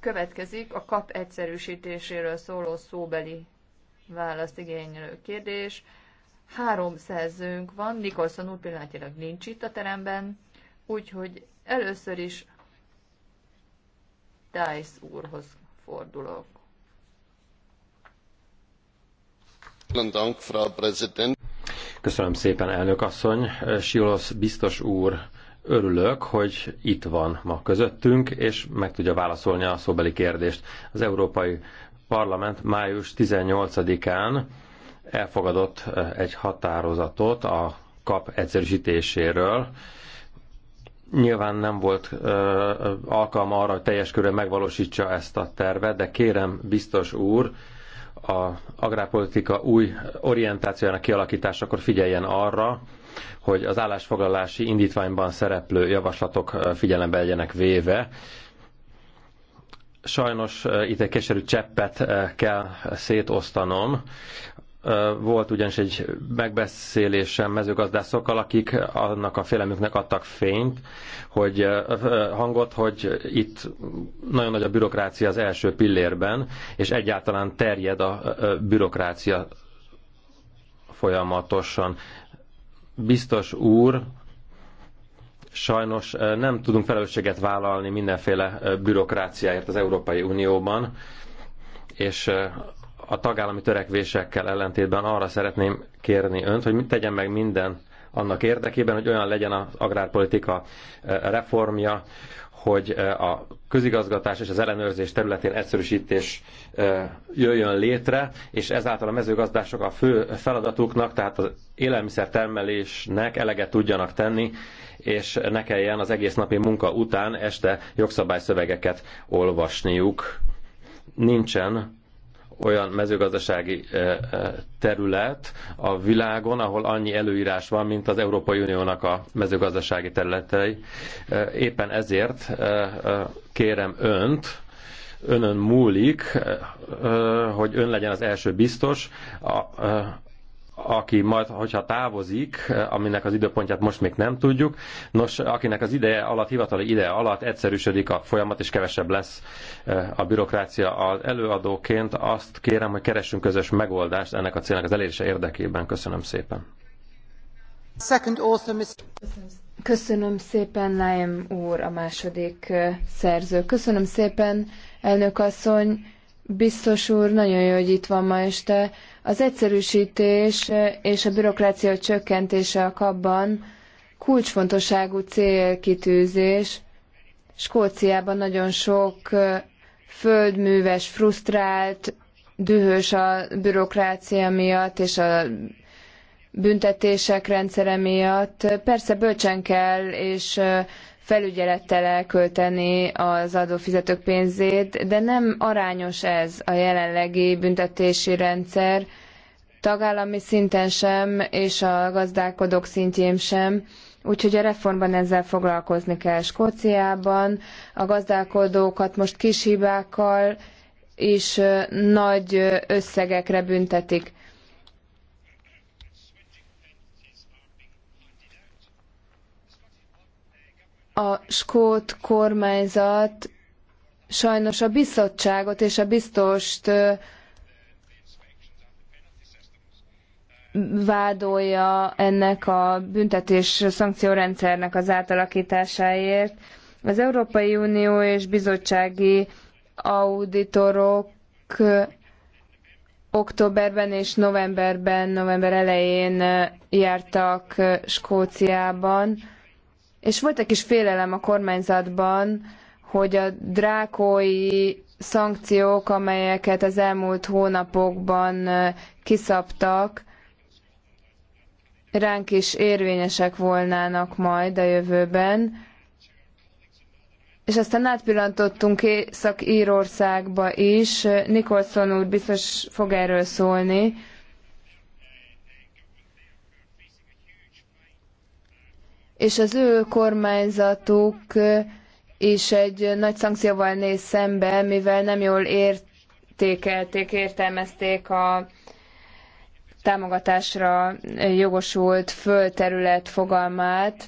Következik a kap egyszerűsítéséről szóló szóbeli választ igénylő kérdés. Három szerzőnk van, Nikolson úr pillanatilag nincs itt a teremben, úgyhogy először is Dice úrhoz fordulok. Köszönöm szépen, elnök asszony. Silosz biztos úr, Örülök, hogy itt van ma közöttünk, és meg tudja válaszolni a szóbeli kérdést. Az Európai Parlament május 18-án elfogadott eh, egy határozatot a kap egyszerűsítéséről. Nyilván nem volt ö, eh, alkalma arra, hogy teljes körül megvalósítsa ezt a tervet, de kérem biztos úr, a agrárpolitika új orientációjának kialakításakor figyeljen arra, hogy az állásfoglalási indítványban szereplő javaslatok figyelembe legyenek véve. Sajnos itt egy keserű cseppet kell szétosztanom volt ugyanis egy megbeszélésem mezőgazdászokkal, akik annak a félelmüknek adtak fényt, hogy hangot, hogy itt nagyon nagy a bürokrácia az első pillérben, és egyáltalán terjed a bürokrácia folyamatosan. Biztos úr, sajnos eh, nem tudunk felelősséget vállalni mindenféle eh, bürokráciáért az Európai Unióban, és eh, a tagállami törekvésekkel ellentétben arra szeretném kérni önt, hogy tegyen meg minden annak érdekében, hogy olyan legyen az agrárpolitika reformja, hogy a közigazgatás és az ellenőrzés területén egyszerűsítés jöjjön létre, és ezáltal a mezőgazdások a fő feladatuknak, tehát az élelmiszertermelésnek eleget tudjanak tenni, és ne kelljen az egész napi munka után este jogszabályszövegeket olvasniuk. Nincsen olyan mezőgazdasági terület a világon, ahol annyi előírás van, mint az Európai Uniónak a mezőgazdasági területei. Éppen ezért kérem önt, önön múlik, hogy ön legyen az első biztos, aki majd, hogyha távozik, aminek az időpontját most még nem tudjuk, nos, akinek az ideje alatt, hivatali ideje alatt egyszerűsödik a folyamat, és kevesebb lesz eh, a bürokrácia az előadóként, azt kérem, hogy keressünk közös megoldást ennek a célnak az elérése érdekében. Köszönöm szépen. Köszönöm szépen, Naim úr, a második eh, szerző. Köszönöm szépen, elnök asszony, biztos úr, nagyon jó, hogy itt van ma este. Az egyszerűsítés eh, és a bürokrácia csökkentése a kapban kulcsfontosságú célkitűzés. Skóciában nagyon sok eh, földműves, frusztrált, dühös a bürokrácia miatt, és a büntetések rendszere miatt. Persze bölcsen kell és eh, felügyelettel elkölteni az adófizetők pénzét, de nem arányos ez a jelenlegi büntetési rendszer, tagállami szinten sem, és a gazdálkodók szintjén sem. Úgyhogy a reformban ezzel foglalkozni kell Skóciában. A gazdálkodókat most kis hibákkal és nagy összegekre büntetik. a skót kormányzat sajnos a bizottságot és a biztost vádolja ennek a büntetés szankciórendszernek az átalakításáért. Az Európai Unió és bizottsági auditorok októberben és novemberben, november elején jártak Skóciában és volt egy kis félelem a kormányzatban, hogy a drákói szankciók, amelyeket az elmúlt hónapokban kiszabtak, ránk is érvényesek volnának majd a jövőben. És aztán átpillantottunk Észak-Írországba is. Nikolson úr biztos fog erről szólni. és az ő kormányzatuk is egy nagy szankcióval néz szembe, mivel nem jól értékelték, értelmezték a támogatásra jogosult földterület fogalmát.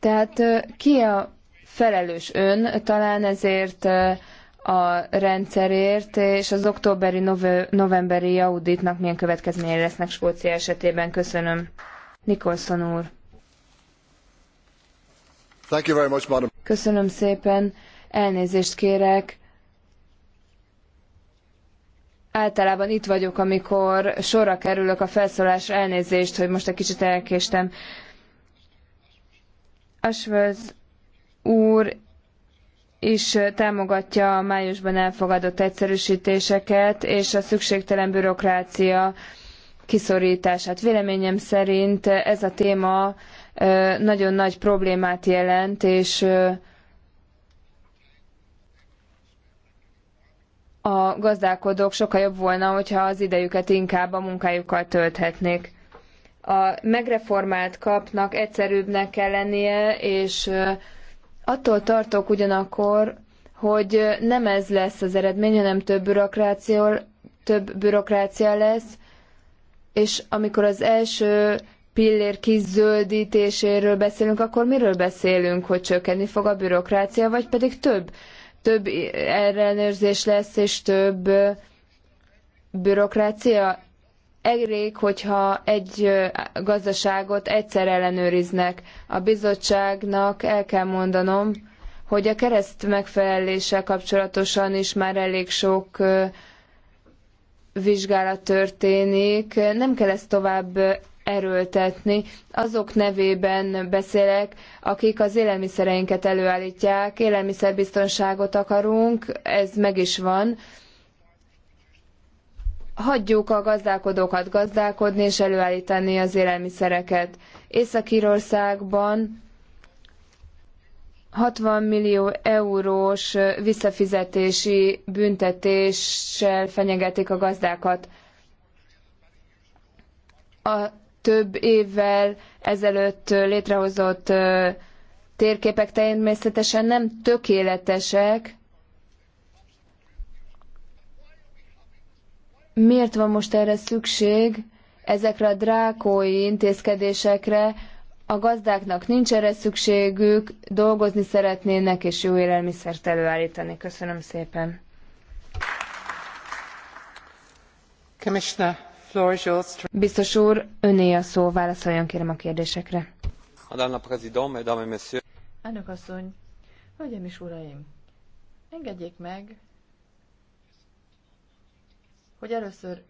Tehát ki a felelős ön talán ezért a rendszerért, és az októberi, novemberi auditnak milyen következményei lesznek Skócia esetében. Köszönöm. Nikolson úr. Much, Köszönöm szépen. Elnézést kérek. Általában itt vagyok, amikor sorra kerülök a felszólás elnézést, hogy most egy kicsit elkéstem. Ashworth úr is támogatja a májusban elfogadott egyszerűsítéseket és a szükségtelen bürokrácia kiszorítását. Véleményem szerint ez a téma nagyon nagy problémát jelent, és a gazdálkodók sokkal jobb volna, hogyha az idejüket inkább a munkájukkal tölthetnék. A megreformált kapnak egyszerűbbnek kell lennie, és attól tartok ugyanakkor, hogy nem ez lesz az eredmény, hanem több bürokráció, több bürokrácia lesz, és amikor az első pillér kizöldítéséről beszélünk, akkor miről beszélünk, hogy csökkenni fog a bürokrácia, vagy pedig több? Több ellenőrzés lesz, és több bürokrácia? Elég, hogyha egy gazdaságot egyszer ellenőriznek. A bizottságnak el kell mondanom, hogy a kereszt megfeleléssel kapcsolatosan is már elég sok vizsgálat történik. Nem kell ezt tovább erőltetni. Azok nevében beszélek, akik az élelmiszereinket előállítják, élelmiszerbiztonságot akarunk, ez meg is van. Hagyjuk a gazdálkodókat gazdálkodni és előállítani az élelmiszereket. Észak-Írországban 60 millió eurós visszafizetési büntetéssel fenyegetik a gazdákat. A több évvel ezelőtt létrehozott térképek természetesen nem tökéletesek. Miért van most erre szükség, ezekre a drákói intézkedésekre? A gazdáknak nincs erre szükségük, dolgozni szeretnének és jó élelmiszert előállítani. Köszönöm szépen. Commissioner, Biztos úr, öné a szó, válaszoljon kérem a kérdésekre. Elnök asszony, hölgyeim és uraim, engedjék meg, hogy először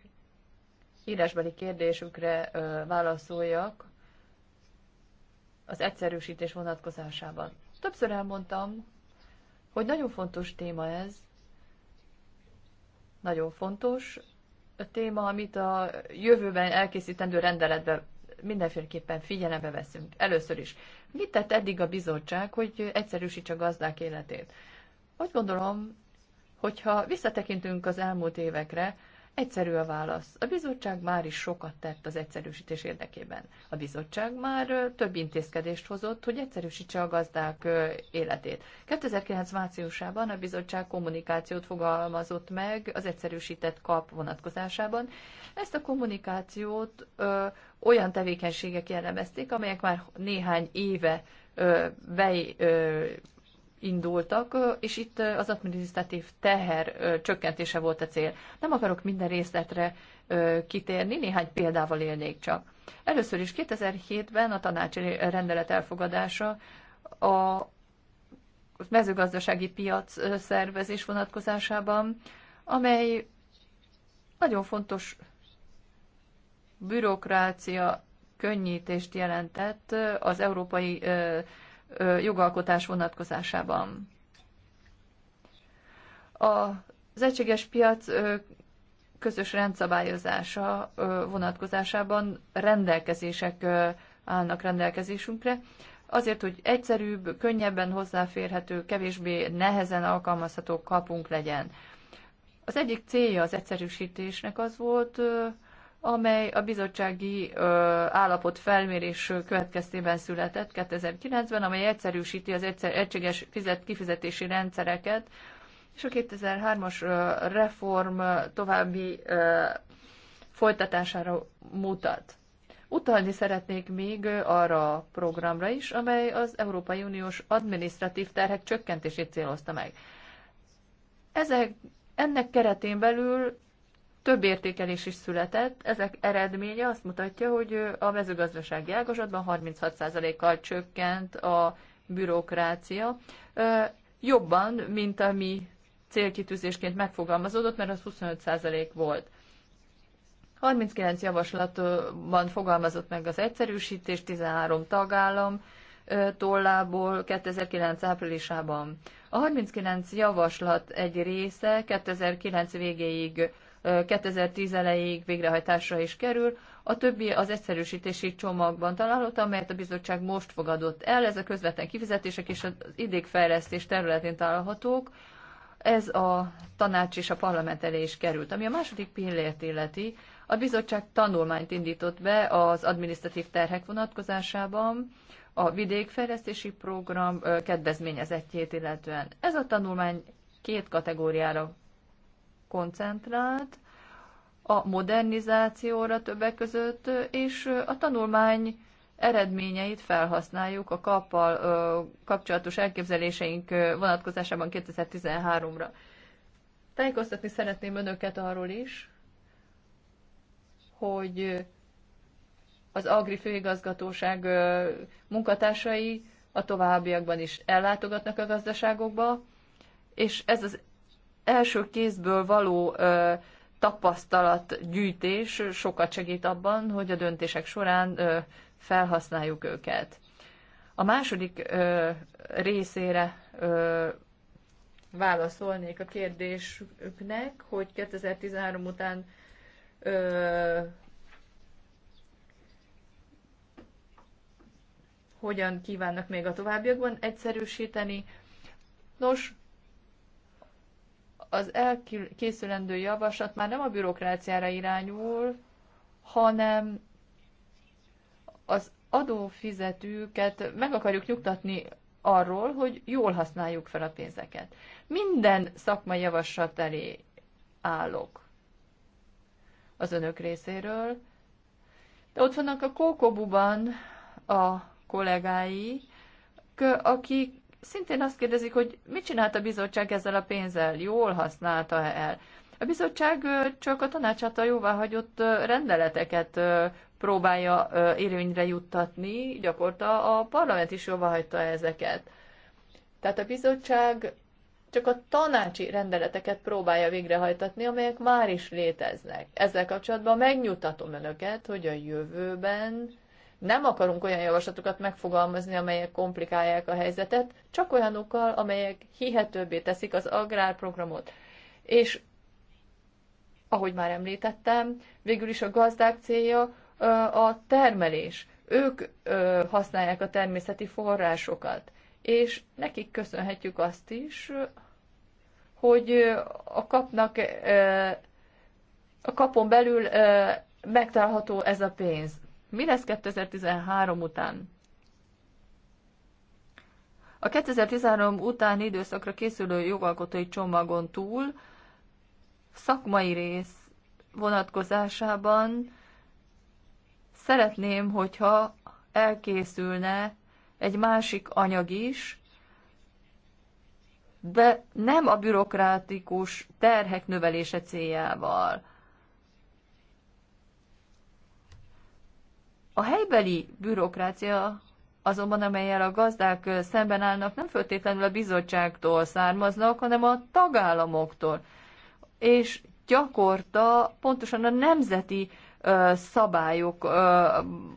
írásbeli kérdésükre válaszoljak az egyszerűsítés vonatkozásában. Többször elmondtam, hogy nagyon fontos téma ez, nagyon fontos, téma, amit a jövőben elkészítendő rendeletben mindenféleképpen figyelembe veszünk. Először is, mit tett eddig a bizottság, hogy egyszerűsítse a gazdák életét? Úgy gondolom, hogyha visszatekintünk az elmúlt évekre, Egyszerű a válasz. A bizottság már is sokat tett az egyszerűsítés érdekében. A bizottság már több intézkedést hozott, hogy egyszerűsítse a gazdák életét. 2009 márciusában a bizottság kommunikációt fogalmazott meg az egyszerűsített kap vonatkozásában. Ezt a kommunikációt ö, olyan tevékenységek jellemezték, amelyek már néhány éve ö, be, ö, indultak, és itt az adminisztratív teher csökkentése volt a cél. Nem akarok minden részletre kitérni, néhány példával élnék csak. Először is 2007-ben a tanácsi rendelet elfogadása a mezőgazdasági piac szervezés vonatkozásában, amely nagyon fontos bürokrácia könnyítést jelentett az európai jogalkotás vonatkozásában. Az egységes piac közös rendszabályozása vonatkozásában rendelkezések állnak rendelkezésünkre, azért, hogy egyszerűbb, könnyebben hozzáférhető, kevésbé nehezen alkalmazható kapunk legyen. Az egyik célja az egyszerűsítésnek az volt, amely a bizottsági ö, állapot felmérés következtében született 2009-ben, amely egyszerűsíti az egyszer, egységes fizet, kifizetési rendszereket, és a 2003-as reform további ö, folytatására mutat. Utalni szeretnék még arra a programra is, amely az Európai Uniós adminisztratív terhek csökkentését célozta meg. Ezek, ennek keretén belül több értékelés is született, ezek eredménye azt mutatja, hogy a mezőgazdasági ágazatban 36%-kal csökkent a bürokrácia, jobban, mint ami célkitűzésként megfogalmazódott, mert az 25% volt. 39 javaslatban fogalmazott meg az egyszerűsítés 13 tagállam tollából 2009 áprilisában. A 39 javaslat egy része 2009 végéig 2010 elejéig végrehajtásra is kerül. A többi az egyszerűsítési csomagban található, amelyet a bizottság most fogadott el. Ez a közvetlen kifizetések és az idékfejlesztés területén találhatók. Ez a tanács és a parlament elé is került. Ami a második pillért illeti, a bizottság tanulmányt indított be az adminisztratív terhek vonatkozásában, a vidékfejlesztési program kedvezményezettjét illetően. Ez a tanulmány két kategóriára koncentrált a modernizációra többek között, és a tanulmány eredményeit felhasználjuk a kappal kapcsolatos elképzeléseink vonatkozásában 2013-ra. Tájékoztatni szeretném önöket arról is, hogy az Agri Főigazgatóság munkatársai a továbbiakban is ellátogatnak a gazdaságokba, és ez az első kézből való ö, tapasztalatgyűjtés sokat segít abban, hogy a döntések során ö, felhasználjuk őket. A második ö, részére ö, válaszolnék a kérdésüknek, hogy 2013 után ö, hogyan kívánnak még a továbbiakban egyszerűsíteni. Nos, az elkészülendő javaslat már nem a bürokráciára irányul, hanem az adófizetőket meg akarjuk nyugtatni arról, hogy jól használjuk fel a pénzeket. Minden szakmai javaslat elé állok az önök részéről, de ott vannak a Kókobuban a kollégái, akik szintén azt kérdezik, hogy mit csinált a bizottság ezzel a pénzzel, jól használta -e el. A bizottság csak a tanács által jóváhagyott rendeleteket próbálja érvényre juttatni, gyakorta a parlament is jóváhagyta ezeket. Tehát a bizottság csak a tanácsi rendeleteket próbálja végrehajtatni, amelyek már is léteznek. Ezzel kapcsolatban megnyugtatom önöket, hogy a jövőben nem akarunk olyan javaslatokat megfogalmazni, amelyek komplikálják a helyzetet, csak olyanokkal, amelyek hihetőbbé teszik az agrárprogramot. És ahogy már említettem, végül is a gazdák célja a termelés. Ők használják a természeti forrásokat, és nekik köszönhetjük azt is, hogy a kapnak, a kapon belül megtalálható ez a pénz. Mi lesz 2013 után? A 2013 utáni időszakra készülő jogalkotói csomagon túl szakmai rész vonatkozásában szeretném, hogyha elkészülne egy másik anyag is, de nem a bürokrátikus terhek növelése céljával. A helybeli bürokrácia azonban amelyel a gazdák szemben állnak, nem föltétlenül a bizottságtól származnak, hanem a tagállamoktól. És gyakorta pontosan a nemzeti ö, szabályok ö,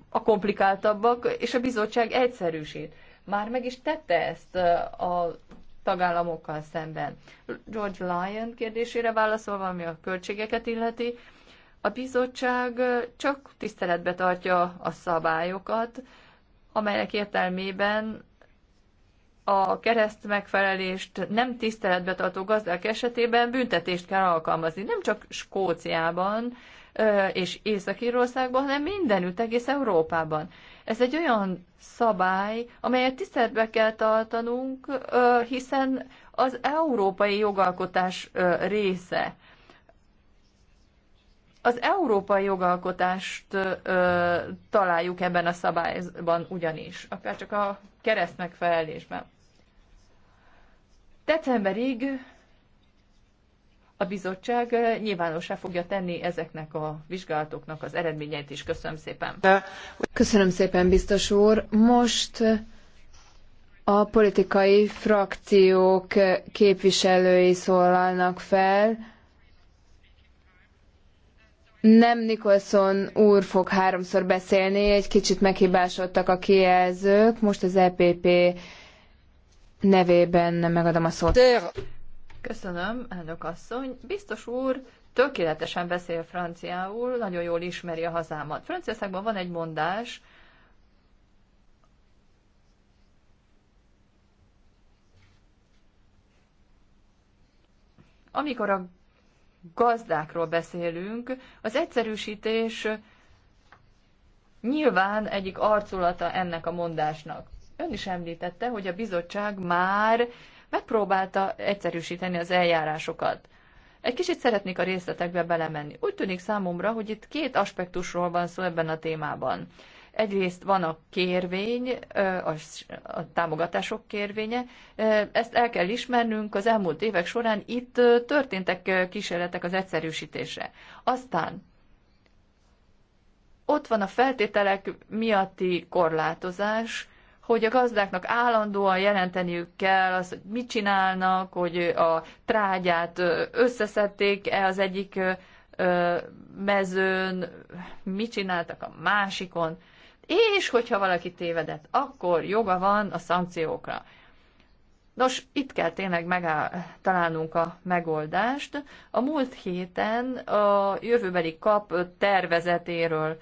a komplikáltabbak, és a bizottság egyszerűsít. Már meg is tette ezt a tagállamokkal szemben. George Lyon kérdésére válaszolva, ami a költségeket illeti, a bizottság csak tiszteletbe tartja a szabályokat, amelyek értelmében a kereszt megfelelést nem tiszteletbe tartó gazdák esetében büntetést kell alkalmazni. Nem csak Skóciában és Észak-Írországban, hanem mindenütt, egész Európában. Ez egy olyan szabály, amelyet tiszteletbe kell tartanunk, hiszen az európai jogalkotás része. Az európai jogalkotást ö, találjuk ebben a szabályban ugyanis, akár csak a kereszt megfelelésben. Decemberig a bizottság nyilvánossá fogja tenni ezeknek a vizsgálatoknak az eredményeit is. Köszönöm szépen. Köszönöm szépen, biztos úr. Most a politikai frakciók képviselői szólalnak fel nem Nicholson úr fog háromszor beszélni, egy kicsit meghibásodtak a kijelzők. Most az EPP nevében megadom a szót. Köszönöm, elnök asszony. Biztos úr tökéletesen beszél franciául, nagyon jól ismeri a hazámat. Franciaországban van egy mondás, amikor a gazdákról beszélünk. Az egyszerűsítés nyilván egyik arculata ennek a mondásnak. Ön is említette, hogy a bizottság már megpróbálta egyszerűsíteni az eljárásokat. Egy kicsit szeretnék a részletekbe belemenni. Úgy tűnik számomra, hogy itt két aspektusról van szó ebben a témában. Egyrészt van a kérvény, a, a támogatások kérvénye. Ezt el kell ismernünk, az elmúlt évek során itt történtek kísérletek az egyszerűsítésre. Aztán ott van a feltételek miatti korlátozás, hogy a gazdáknak állandóan jelenteniük kell azt, hogy mit csinálnak, hogy a trágyát összeszedték-e az egyik mezőn, mit csináltak a másikon és hogyha valaki tévedett, akkor joga van a szankciókra. Nos, itt kell tényleg megáll, találnunk a megoldást. A múlt héten a jövőbeli kap tervezetéről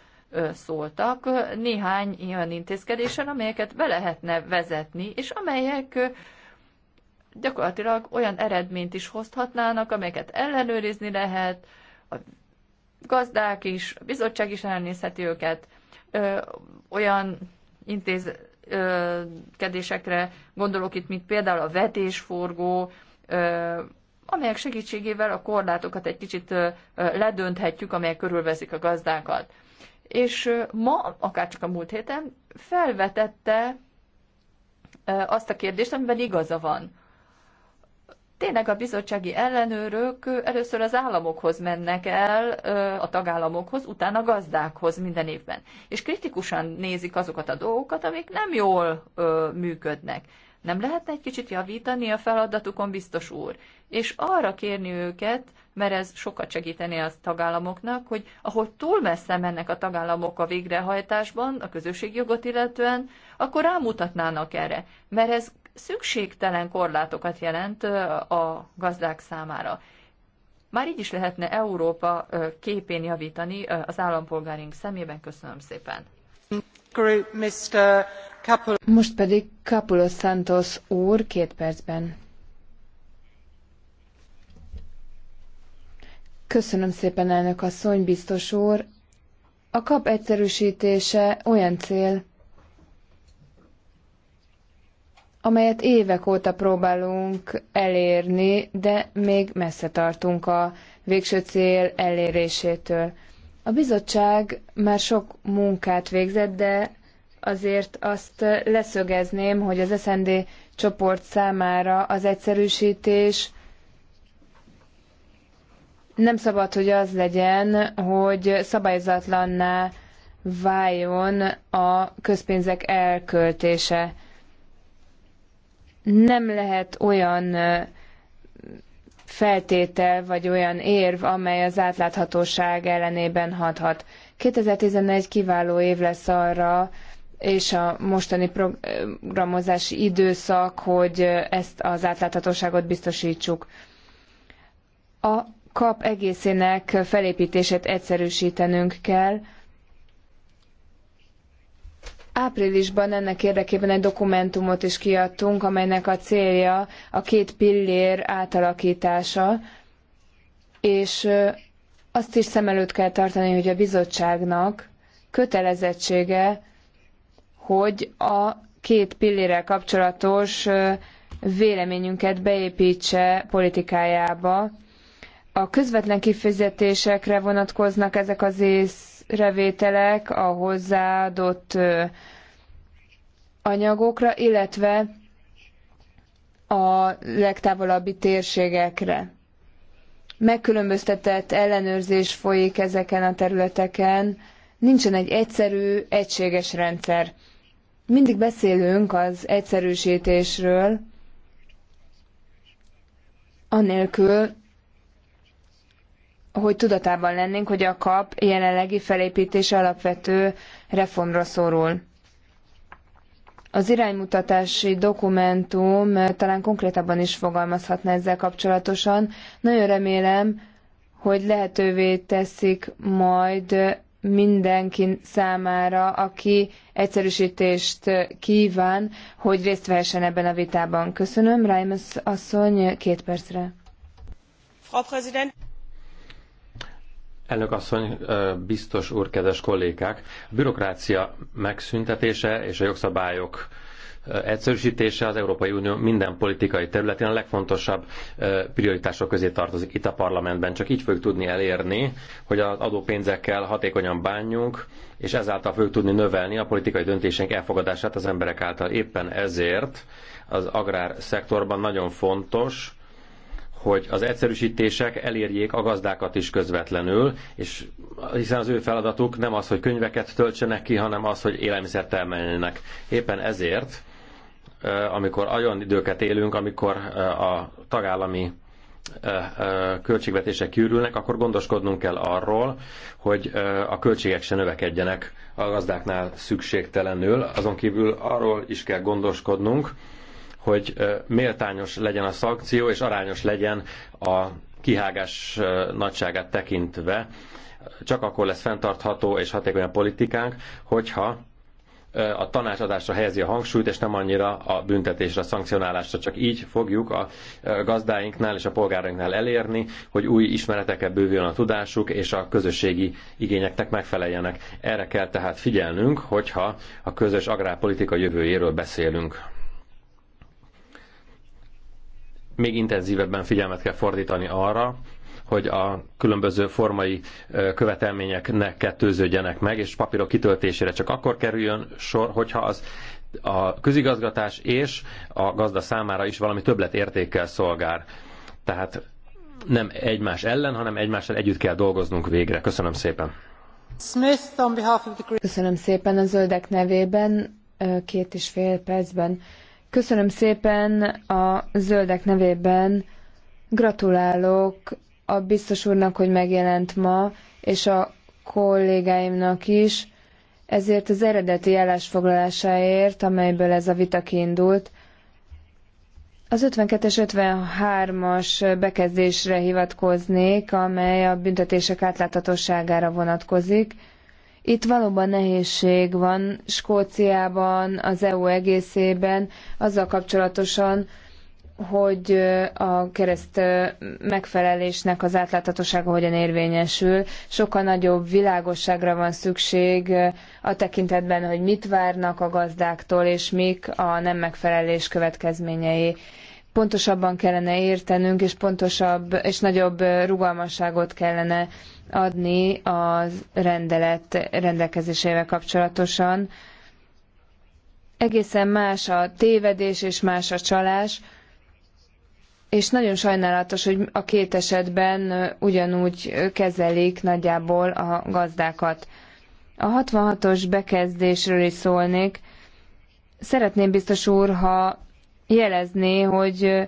szóltak néhány ilyen intézkedéssel, amelyeket be lehetne vezetni, és amelyek gyakorlatilag olyan eredményt is hozhatnának, amelyeket ellenőrizni lehet, a gazdák is, a bizottság is elnézheti őket, ö, olyan intézkedésekre gondolok itt, mint például a vetésforgó, ö, amelyek segítségével a korlátokat egy kicsit ö, ledönthetjük, amelyek körülveszik a gazdákat. És ö, ma, csak a múlt héten, felvetette ö, azt a kérdést, amiben igaza van tényleg a bizottsági ellenőrök először az államokhoz mennek el, a tagállamokhoz, utána a gazdákhoz minden évben. És kritikusan nézik azokat a dolgokat, amik nem jól működnek. Nem lehetne egy kicsit javítani a feladatukon, biztos úr? És arra kérni őket, mert ez sokat segíteni a tagállamoknak, hogy ahol túl messze mennek a tagállamok a végrehajtásban, a közösségjogot illetően, akkor rámutatnának erre, mert ez szükségtelen korlátokat jelent a gazdák számára. Már így is lehetne Európa képén javítani az állampolgárink szemében. Köszönöm szépen. Most pedig Capulos Santos úr két percben. Köszönöm szépen, elnök asszony, biztos úr. A kap egyszerűsítése olyan cél, amelyet évek óta próbálunk elérni, de még messze tartunk a végső cél elérésétől. A bizottság már sok munkát végzett, de azért azt leszögezném, hogy az SND csoport számára az egyszerűsítés nem szabad, hogy az legyen, hogy szabályzatlanná váljon a közpénzek elköltése nem lehet olyan feltétel vagy olyan érv, amely az átláthatóság ellenében hathat. 2011 kiváló év lesz arra, és a mostani programozási időszak, hogy ezt az átláthatóságot biztosítsuk. A kap egészének felépítését egyszerűsítenünk kell, Áprilisban ennek érdekében egy dokumentumot is kiadtunk, amelynek a célja a két pillér átalakítása, és azt is szem előtt kell tartani, hogy a bizottságnak kötelezettsége, hogy a két pillérrel kapcsolatos véleményünket beépítse politikájába. A közvetlen kifizetésekre vonatkoznak ezek az ész észrevételek a hozzáadott anyagokra, illetve a legtávolabbi térségekre. Megkülönböztetett ellenőrzés folyik ezeken a területeken, nincsen egy egyszerű, egységes rendszer. Mindig beszélünk az egyszerűsítésről, anélkül, hogy tudatában lennénk, hogy a kap jelenlegi felépítése alapvető reformra szorul. Az iránymutatási dokumentum talán konkrétabban is fogalmazhatna ezzel kapcsolatosan. Nagyon remélem, hogy lehetővé teszik majd mindenki számára, aki egyszerűsítést kíván, hogy részt vehessen ebben a vitában. Köszönöm, Reimers asszony, két percre. Frau Präsident! Elnök asszony, biztos úr, kedves kollégák! A bürokrácia megszüntetése és a jogszabályok egyszerűsítése az Európai Unió minden politikai területén a legfontosabb prioritások közé tartozik itt a parlamentben. Csak így fogjuk tudni elérni, hogy az adópénzekkel hatékonyan bánjunk, és ezáltal fogjuk tudni növelni a politikai döntésénk elfogadását az emberek által. Éppen ezért az szektorban nagyon fontos, hogy az egyszerűsítések elérjék a gazdákat is közvetlenül, és hiszen az ő feladatuk nem az, hogy könyveket töltsenek ki, hanem az, hogy élelmiszert termeljenek. Éppen ezért, amikor olyan időket élünk, amikor a tagállami költségvetések kiürülnek, akkor gondoskodnunk kell arról, hogy a költségek se növekedjenek a gazdáknál szükségtelenül. Azon kívül arról is kell gondoskodnunk, hogy méltányos legyen a szankció, és arányos legyen a kihágás nagyságát tekintve. Csak akkor lesz fenntartható és hatékony a politikánk, hogyha a tanácsadásra helyezi a hangsúlyt, és nem annyira a büntetésre, a szankcionálásra. Csak így fogjuk a gazdáinknál és a polgárainknál elérni, hogy új ismeretekkel bővüljön a tudásuk, és a közösségi igényeknek megfeleljenek. Erre kell tehát figyelnünk, hogyha a közös agrárpolitika jövőjéről beszélünk még intenzívebben figyelmet kell fordítani arra, hogy a különböző formai követelményeknek kettőződjenek meg, és papírok kitöltésére csak akkor kerüljön sor, hogyha az a közigazgatás és a gazda számára is valami többletértékkel szolgál. Tehát nem egymás ellen, hanem egymással együtt kell dolgoznunk végre. Köszönöm szépen. Köszönöm szépen a zöldek nevében, két és fél percben. Köszönöm szépen a zöldek nevében. Gratulálok a biztos úrnak, hogy megjelent ma, és a kollégáimnak is, ezért az eredeti állásfoglalásáért, amelyből ez a vita kiindult, az 52-es 53-as bekezdésre hivatkoznék, amely a büntetések átláthatóságára vonatkozik. Itt valóban nehézség van Skóciában, az EU egészében, azzal kapcsolatosan, hogy a kereszt megfelelésnek az átláthatósága hogyan érvényesül. Sokkal nagyobb világosságra van szükség a tekintetben, hogy mit várnak a gazdáktól, és mik a nem megfelelés következményei. Pontosabban kellene értenünk, és pontosabb és nagyobb rugalmasságot kellene adni a rendelet rendelkezésével kapcsolatosan. Egészen más a tévedés és más a csalás, és nagyon sajnálatos, hogy a két esetben ugyanúgy kezelik nagyjából a gazdákat. A 66-os bekezdésről is szólnék. Szeretném biztos úr, ha jelezné, hogy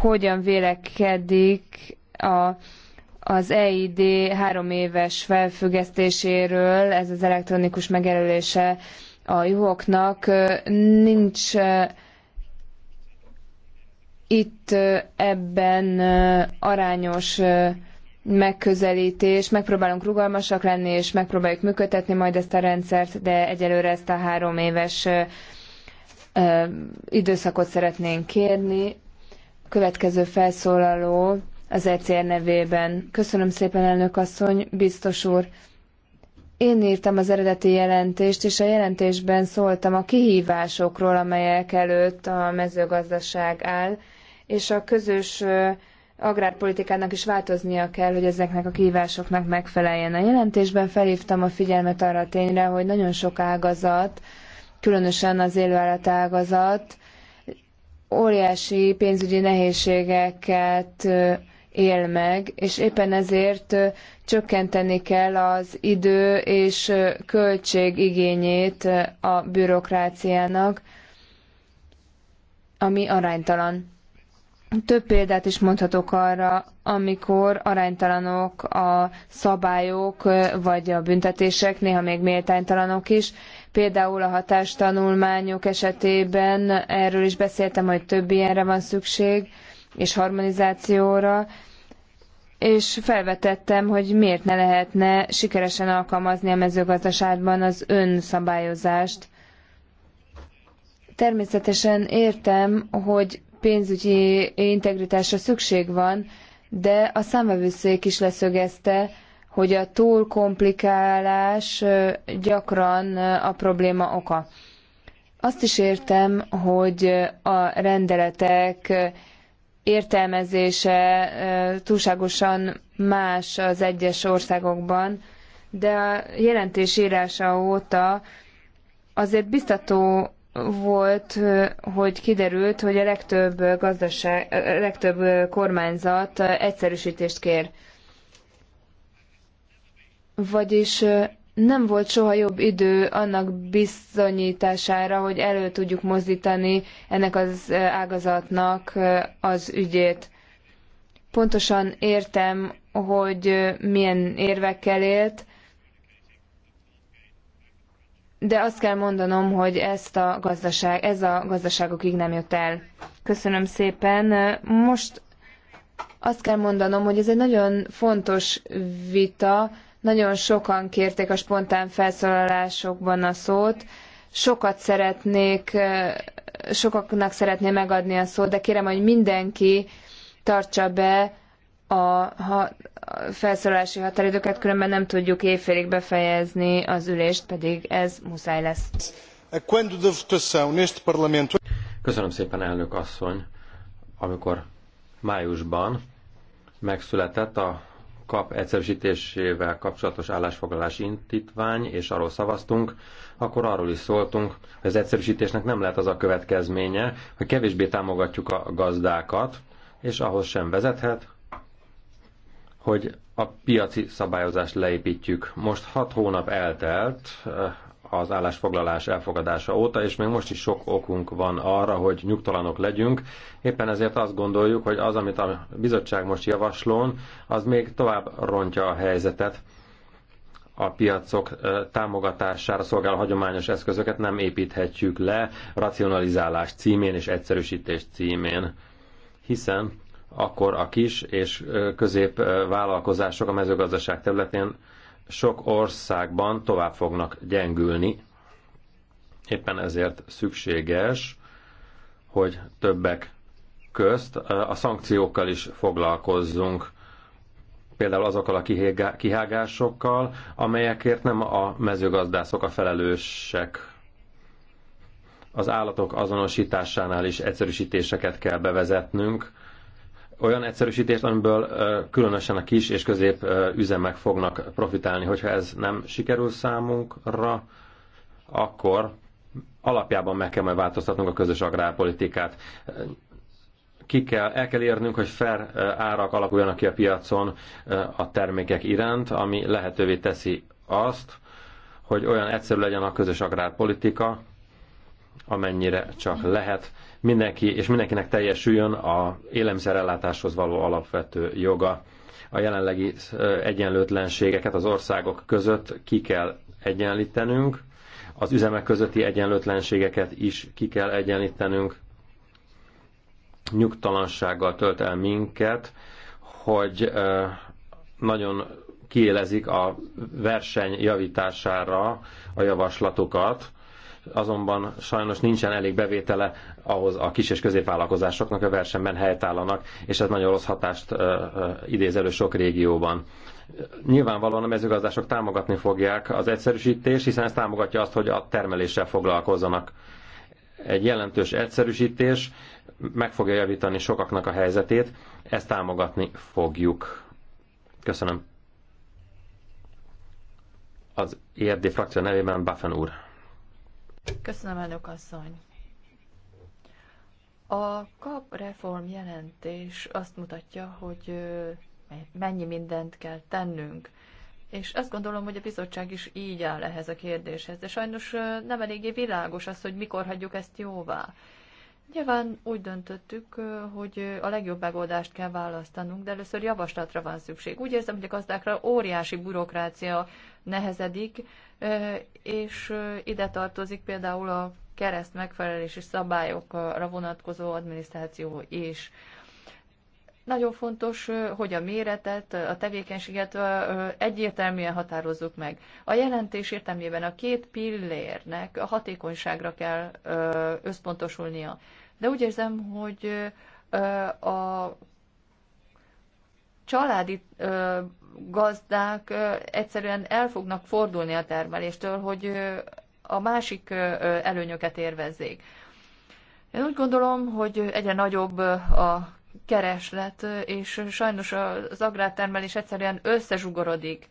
hogyan vélekedik a az EID három éves felfüggesztéséről, ez az elektronikus megjelölése a juhoknak, nincs itt ebben arányos megközelítés, megpróbálunk rugalmasak lenni, és megpróbáljuk működtetni majd ezt a rendszert, de egyelőre ezt a három éves időszakot szeretnénk kérni. Következő felszólaló az ECR nevében. Köszönöm szépen, elnök asszony, biztos úr. Én írtam az eredeti jelentést, és a jelentésben szóltam a kihívásokról, amelyek előtt a mezőgazdaság áll, és a közös agrárpolitikának is változnia kell, hogy ezeknek a kihívásoknak megfeleljen. A jelentésben felhívtam a figyelmet arra a tényre, hogy nagyon sok ágazat, különösen az élőállat ágazat, óriási pénzügyi nehézségeket él meg, és éppen ezért csökkenteni kell az idő és költség igényét a bürokráciának, ami aránytalan. Több példát is mondhatok arra, amikor aránytalanok a szabályok vagy a büntetések, néha még méltánytalanok is. Például a hatástanulmányok esetében erről is beszéltem, hogy több ilyenre van szükség és harmonizációra, és felvetettem, hogy miért ne lehetne sikeresen alkalmazni a mezőgazdaságban az önszabályozást. Természetesen értem, hogy pénzügyi integritásra szükség van, de a számvevőszék is leszögezte, hogy a túlkomplikálás gyakran a probléma oka. Azt is értem, hogy a rendeletek értelmezése túlságosan más az egyes országokban, de a jelentés írása óta azért biztató volt, hogy kiderült, hogy a legtöbb, gazdaság, a legtöbb kormányzat egyszerűsítést kér. Vagyis nem volt soha jobb idő annak bizonyítására, hogy elő tudjuk mozdítani ennek az ágazatnak az ügyét. Pontosan értem, hogy milyen érvekkel élt, de azt kell mondanom, hogy ezt a gazdaság, ez a gazdaságokig nem jött el. Köszönöm szépen. Most azt kell mondanom, hogy ez egy nagyon fontos vita, nagyon sokan kérték a spontán felszólalásokban a szót. Sokat szeretnék, sokaknak szeretném megadni a szót, de kérem, hogy mindenki tartsa be a, ha, a felszólalási határidőket, különben nem tudjuk éjfélig befejezni az ülést, pedig ez muszáj lesz. Köszönöm szépen, elnök asszony, amikor májusban megszületett a kap egyszerűsítésével kapcsolatos állásfoglalási intitvány, és arról szavaztunk, akkor arról is szóltunk, hogy az egyszerűsítésnek nem lehet az a következménye, hogy kevésbé támogatjuk a gazdákat, és ahhoz sem vezethet, hogy a piaci szabályozást leépítjük. Most hat hónap eltelt az állásfoglalás elfogadása óta, és még most is sok okunk van arra, hogy nyugtalanok legyünk. Éppen ezért azt gondoljuk, hogy az, amit a bizottság most javaslón, az még tovább rontja a helyzetet a piacok támogatására szolgáló hagyományos eszközöket nem építhetjük le racionalizálás címén és egyszerűsítés címén, hiszen akkor a kis és közép vállalkozások a mezőgazdaság területén sok országban tovább fognak gyengülni. Éppen ezért szükséges, hogy többek közt a szankciókkal is foglalkozzunk, például azokkal a kihágásokkal, amelyekért nem a mezőgazdászok a felelősek. Az állatok azonosításánál is egyszerűsítéseket kell bevezetnünk, olyan egyszerűsítést, amiből különösen a kis és közép üzemek fognak profitálni. Hogyha ez nem sikerül számunkra, akkor alapjában meg kell majd változtatnunk a közös agrárpolitikát. Ki kell, el kell érnünk, hogy fair árak alakuljanak ki a piacon a termékek iránt, ami lehetővé teszi azt, hogy olyan egyszerű legyen a közös agrárpolitika, amennyire csak lehet mindenki, és mindenkinek teljesüljön a élelmiszerellátáshoz való alapvető joga. A jelenlegi egyenlőtlenségeket az országok között ki kell egyenlítenünk, az üzemek közötti egyenlőtlenségeket is ki kell egyenlítenünk. Nyugtalansággal tölt el minket, hogy nagyon kiélezik a verseny javítására a javaslatokat, azonban sajnos nincsen elég bevétele ahhoz a kis és középvállalkozásoknak, a versenyben helytállanak, és ez nagyon rossz hatást idéz elő sok régióban. Nyilvánvalóan a mezőgazdások támogatni fogják az egyszerűsítést, hiszen ez támogatja azt, hogy a termeléssel foglalkozzanak. Egy jelentős egyszerűsítés meg fogja javítani sokaknak a helyzetét, ezt támogatni fogjuk. Köszönöm. Az érdi e frakció nevében Buffen úr. Köszönöm, elnök asszony. A KAP reform jelentés azt mutatja, hogy mennyi mindent kell tennünk. És azt gondolom, hogy a bizottság is így áll ehhez a kérdéshez, de sajnos nem eléggé világos az, hogy mikor hagyjuk ezt jóvá. Nyilván úgy döntöttük, hogy a legjobb megoldást kell választanunk, de először javaslatra van szükség. Úgy érzem, hogy a gazdákra óriási bürokrácia nehezedik, és ide tartozik például a kereszt megfelelési szabályokra vonatkozó adminisztráció is. Nagyon fontos, hogy a méretet, a tevékenységet egyértelműen határozzuk meg. A jelentés értelmében a két pillérnek a hatékonyságra kell összpontosulnia. De úgy érzem, hogy a családi gazdák egyszerűen el fognak fordulni a termeléstől, hogy a másik előnyöket érvezzék. Én úgy gondolom, hogy egyre nagyobb a kereslet, és sajnos az agrártermelés egyszerűen összezsugorodik.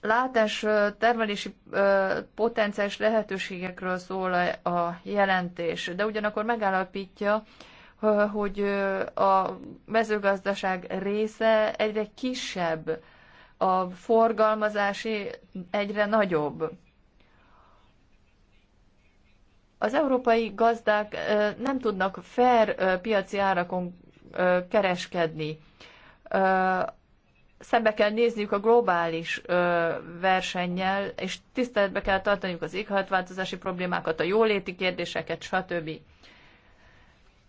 Látás termelési potenciális lehetőségekről szól a jelentés, de ugyanakkor megállapítja, hogy a mezőgazdaság része egyre kisebb, a forgalmazási egyre nagyobb. Az európai gazdák nem tudnak fair piaci árakon kereskedni. Szembe kell nézniük a globális versennyel, és tiszteletbe kell tartaniuk az éghajlatváltozási problémákat, a jóléti kérdéseket, stb.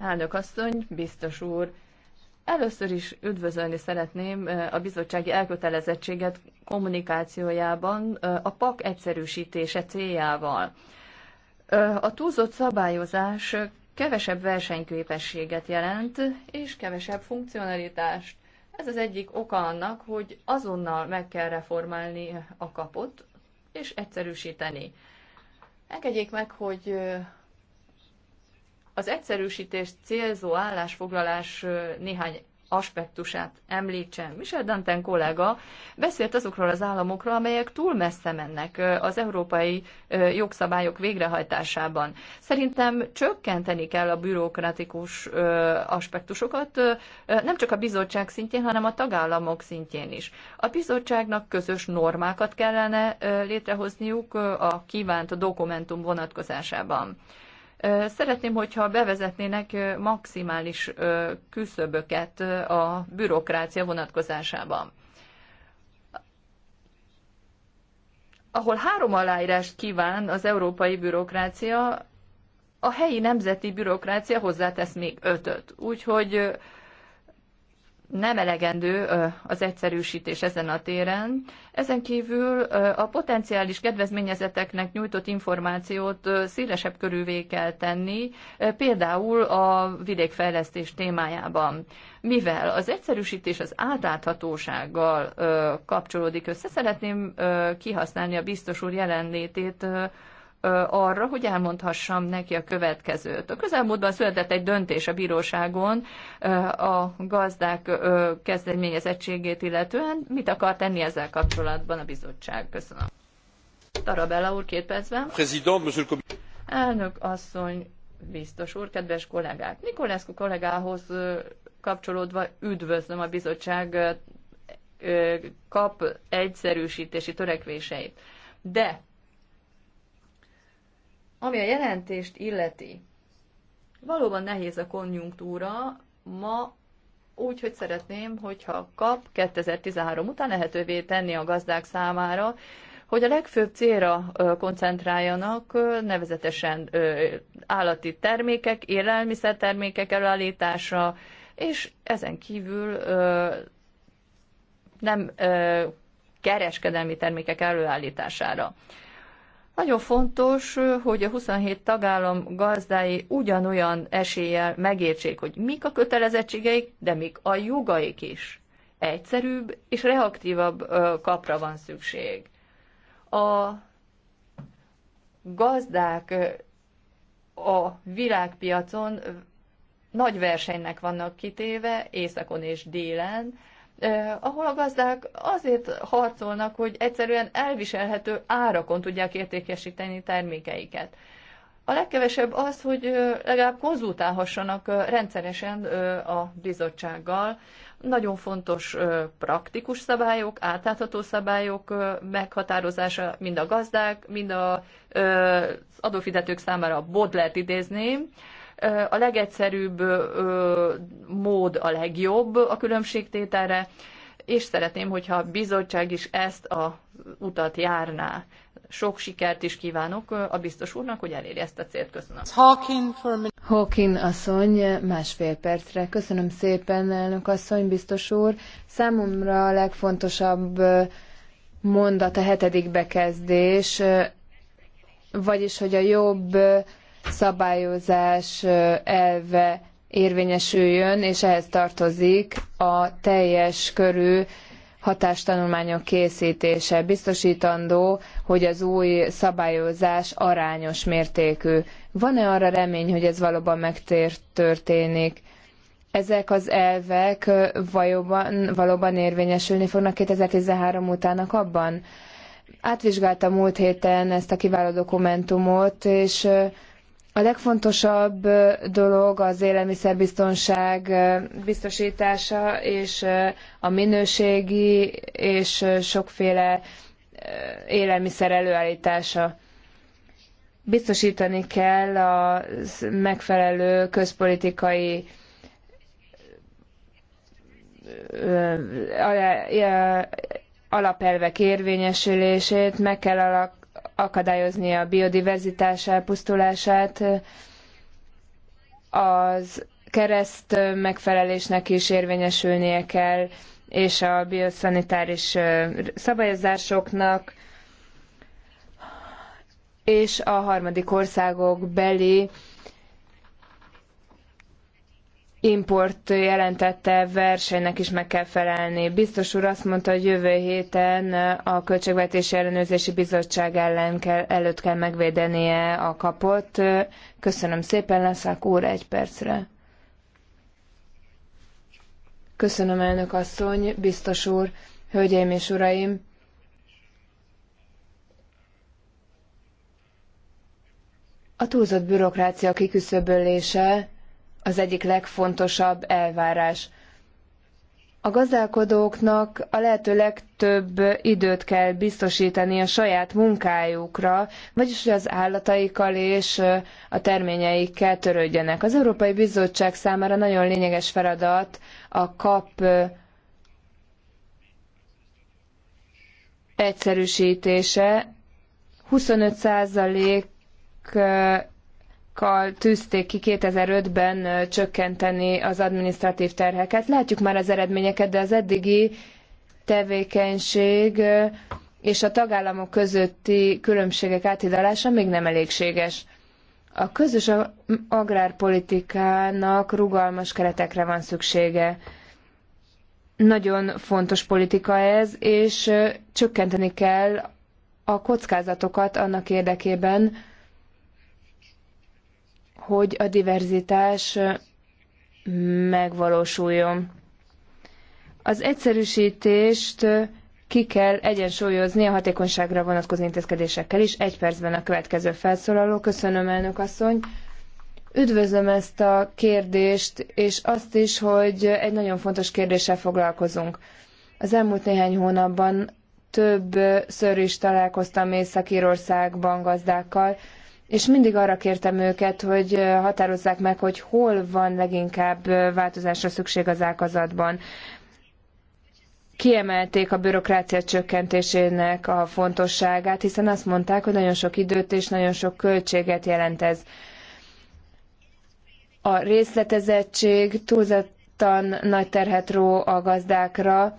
Elnök asszony, biztos úr, először is üdvözölni szeretném eh, a bizottsági elkötelezettséget kommunikációjában eh, a PAK egyszerűsítése céljával. Eh, a túlzott szabályozás kevesebb versenyképességet jelent, és kevesebb funkcionalitást. Ez az egyik oka annak, hogy azonnal meg kell reformálni a kapot, és egyszerűsíteni. Engedjék meg, hogy az egyszerűsítés célzó állásfoglalás néhány aspektusát említsen. Michel Danten kollega beszélt azokról az államokról, amelyek túl messze mennek az európai jogszabályok végrehajtásában. Szerintem csökkenteni kell a bürokratikus aspektusokat, nem csak a bizottság szintjén, hanem a tagállamok szintjén is. A bizottságnak közös normákat kellene létrehozniuk a kívánt dokumentum vonatkozásában. Szeretném, hogyha bevezetnének maximális küszöböket a bürokrácia vonatkozásában. Ahol három aláírást kíván az európai bürokrácia, a helyi nemzeti bürokrácia hozzátesz még ötöt. Úgyhogy nem elegendő az egyszerűsítés ezen a téren. Ezen kívül a potenciális kedvezményezeteknek nyújtott információt szélesebb körűvé kell tenni, például a vidékfejlesztés témájában. Mivel az egyszerűsítés az átláthatósággal kapcsolódik össze, szeretném kihasználni a biztos úr jelenlétét arra, hogy elmondhassam neki a következőt. A közelmúltban született egy döntés a bíróságon a gazdák kezdeményezettségét illetően. Mit akar tenni ezzel kapcsolatban a bizottság? Köszönöm. Tarabella úr, két percben. Elnök asszony, biztos úr, kedves kollégák! Nikolászku kollégához kapcsolódva üdvözlöm a bizottság kap egyszerűsítési törekvéseit. De ami a jelentést illeti, valóban nehéz a konjunktúra ma, úgyhogy szeretném, hogyha kap 2013 után lehetővé tenni a gazdák számára, hogy a legfőbb célra koncentráljanak, nevezetesen állati termékek, élelmiszertermékek előállítása, és ezen kívül nem kereskedelmi termékek előállítására. Nagyon fontos, hogy a 27 tagállam gazdái ugyanolyan eséllyel megértsék, hogy mik a kötelezettségeik, de mik a jogaik is. Egyszerűbb és reaktívabb kapra van szükség. A gazdák a világpiacon nagy versenynek vannak kitéve, északon és délen, ahol a gazdák azért harcolnak, hogy egyszerűen elviselhető árakon tudják értékesíteni termékeiket. A legkevesebb az, hogy legalább konzultálhassanak rendszeresen a bizottsággal. Nagyon fontos praktikus szabályok, átlátható szabályok meghatározása mind a gazdák, mind az adófizetők számára a bodlert idézném, a legegyszerűbb mód a legjobb a különbségtételre, és szeretném, hogyha a bizottság is ezt a utat járná. Sok sikert is kívánok a biztos úrnak, hogy elérje ezt a célt. Köszönöm. Hawking asszony, másfél percre. Köszönöm szépen, elnök asszony, biztos úr. Számomra a legfontosabb mondat a hetedik bekezdés, vagyis, hogy a jobb szabályozás elve érvényesüljön, és ehhez tartozik a teljes körű hatástanulmányok készítése. Biztosítandó, hogy az új szabályozás arányos mértékű. Van-e arra remény, hogy ez valóban megtörténik? Ezek az elvek valóban, valóban érvényesülni fognak 2013 után a Átvizsgáltam múlt héten ezt a kiváló dokumentumot, és a legfontosabb dolog az élelmiszerbiztonság biztosítása és a minőségi és sokféle élelmiszer előállítása. Biztosítani kell a megfelelő közpolitikai alapelvek érvényesülését, meg kell akadályozni a biodiverzitás elpusztulását. Az kereszt megfelelésnek is érvényesülnie kell, és a bioszanitáris szabályozásoknak, és a harmadik országok beli import jelentette versenynek is meg kell felelni. Biztos úr azt mondta, hogy jövő héten a Költségvetési Ellenőrzési Bizottság ellen kell, előtt kell megvédenie a kapot. Köszönöm szépen, leszek úr, egy percre. Köszönöm, elnök asszony, biztos úr, hölgyeim és uraim. A túlzott bürokrácia kiküszöbölése az egyik legfontosabb elvárás. A gazdálkodóknak a lehető legtöbb időt kell biztosítani a saját munkájukra, vagyis hogy az állataikkal és a terményeikkel törődjenek. Az Európai Bizottság számára nagyon lényeges feladat a kap egyszerűsítése. 25 százalékkal tűzték ki 2005-ben csökkenteni az administratív terheket. Látjuk már az eredményeket, de az eddigi tevékenység és a tagállamok közötti különbségek áthidalása még nem elégséges. A közös agrárpolitikának rugalmas keretekre van szüksége. Nagyon fontos politika ez, és csökkenteni kell a kockázatokat annak érdekében, hogy a diverzitás megvalósuljon. Az egyszerűsítést ki kell egyensúlyozni a hatékonyságra vonatkozó intézkedésekkel is. Egy percben a következő felszólaló. Köszönöm, elnök asszony. Üdvözlöm ezt a kérdést, és azt is, hogy egy nagyon fontos kérdéssel foglalkozunk. Az elmúlt néhány hónapban többször is találkoztam Észak-Írországban gazdákkal, és mindig arra kértem őket, hogy határozzák meg, hogy hol van leginkább változásra szükség az ágazatban. Kiemelték a bürokrácia csökkentésének a fontosságát, hiszen azt mondták, hogy nagyon sok időt és nagyon sok költséget jelent ez. A részletezettség túlzottan nagy terhet ró a gazdákra,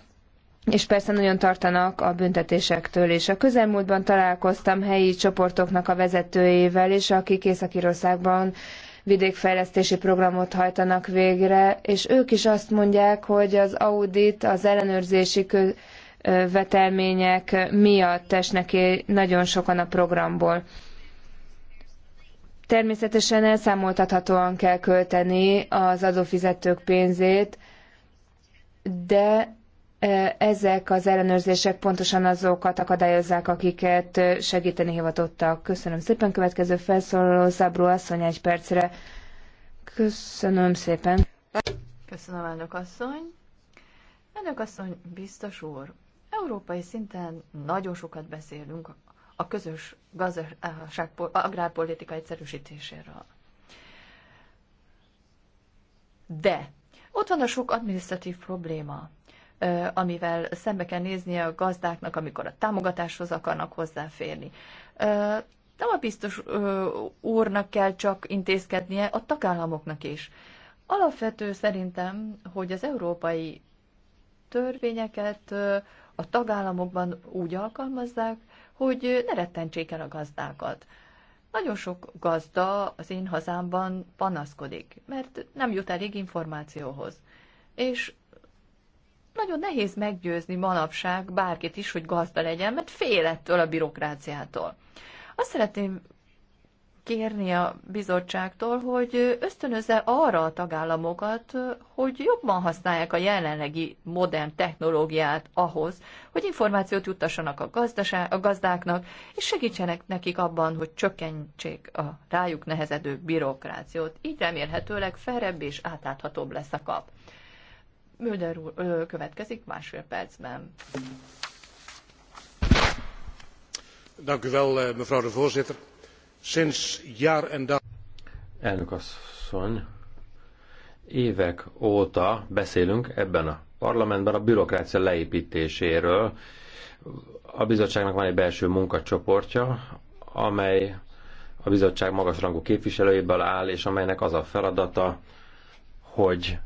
és persze nagyon tartanak a büntetésektől is. A közelmúltban találkoztam helyi csoportoknak a vezetőjével is, akik Észak-Írországban vidékfejlesztési programot hajtanak végre, és ők is azt mondják, hogy az audit, az ellenőrzési követelmények miatt esnek nagyon sokan a programból. Természetesen elszámoltathatóan kell költeni az adófizetők pénzét, de ezek az ellenőrzések pontosan azokat akadályozzák, akiket segíteni hivatottak. Köszönöm szépen. Következő felszólaló Zábró asszony egy percre. Köszönöm szépen. Köszönöm, elnök asszony. Elnök asszony, biztos úr, európai szinten nagyon sokat beszélünk a közös gazdaság, agrárpolitika egyszerűsítéséről. De ott van a sok adminisztratív probléma amivel szembe kell néznie a gazdáknak, amikor a támogatáshoz akarnak hozzáférni. Nem a biztos úrnak kell csak intézkednie, a tagállamoknak is. Alapvető szerintem, hogy az európai törvényeket a tagállamokban úgy alkalmazzák, hogy ne rettentsék el a gazdákat. Nagyon sok gazda az én hazámban panaszkodik, mert nem jut elég információhoz. És nagyon nehéz meggyőzni manapság bárkit is, hogy gazda legyen, mert fél ettől a bürokráciától. Azt szeretném kérni a bizottságtól, hogy ösztönözze arra a tagállamokat, hogy jobban használják a jelenlegi modern technológiát ahhoz, hogy információt juttassanak a, gazdasá- a gazdáknak, és segítsenek nekik abban, hogy csökkentsék a rájuk nehezedő bürokrációt. Így remélhetőleg felrebb és átláthatóbb lesz a kap. Mölder úr ö, következik másfél percben. Dank u wel, eh, mevrouw de voorzitter. Sinds jaar en dag... Elnök asszony, évek óta beszélünk ebben a parlamentben a bürokrácia leépítéséről. A bizottságnak van egy belső munkacsoportja, amely a bizottság magasrangú képviselőjéből áll, és amelynek az a feladata, hogy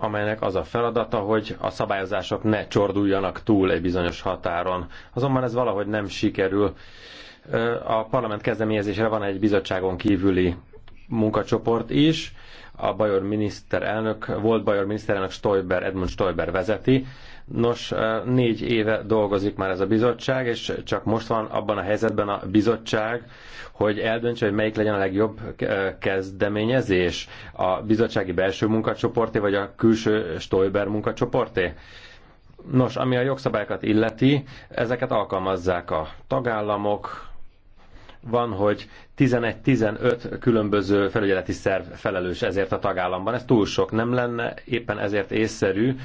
amelynek az a feladata, hogy a szabályozások ne csorduljanak túl egy bizonyos határon. Azonban ez valahogy nem sikerül. A parlament kezdeményezésre van egy bizottságon kívüli munkacsoport is, a Bajor miniszterelnök, volt Bajor miniszterelnök Stoiber, Edmund Stoiber vezeti, Nos, négy éve dolgozik már ez a bizottság, és csak most van abban a helyzetben a bizottság, hogy eldöntse, hogy melyik legyen a legjobb kezdeményezés, a bizottsági belső munkacsoporté, vagy a külső Stoiber munkacsoporté. Nos, ami a jogszabályokat illeti, ezeket alkalmazzák a tagállamok, van, hogy 11-15 különböző felügyeleti szerv felelős ezért a tagállamban. Ez túl sok nem lenne, éppen ezért észszerű,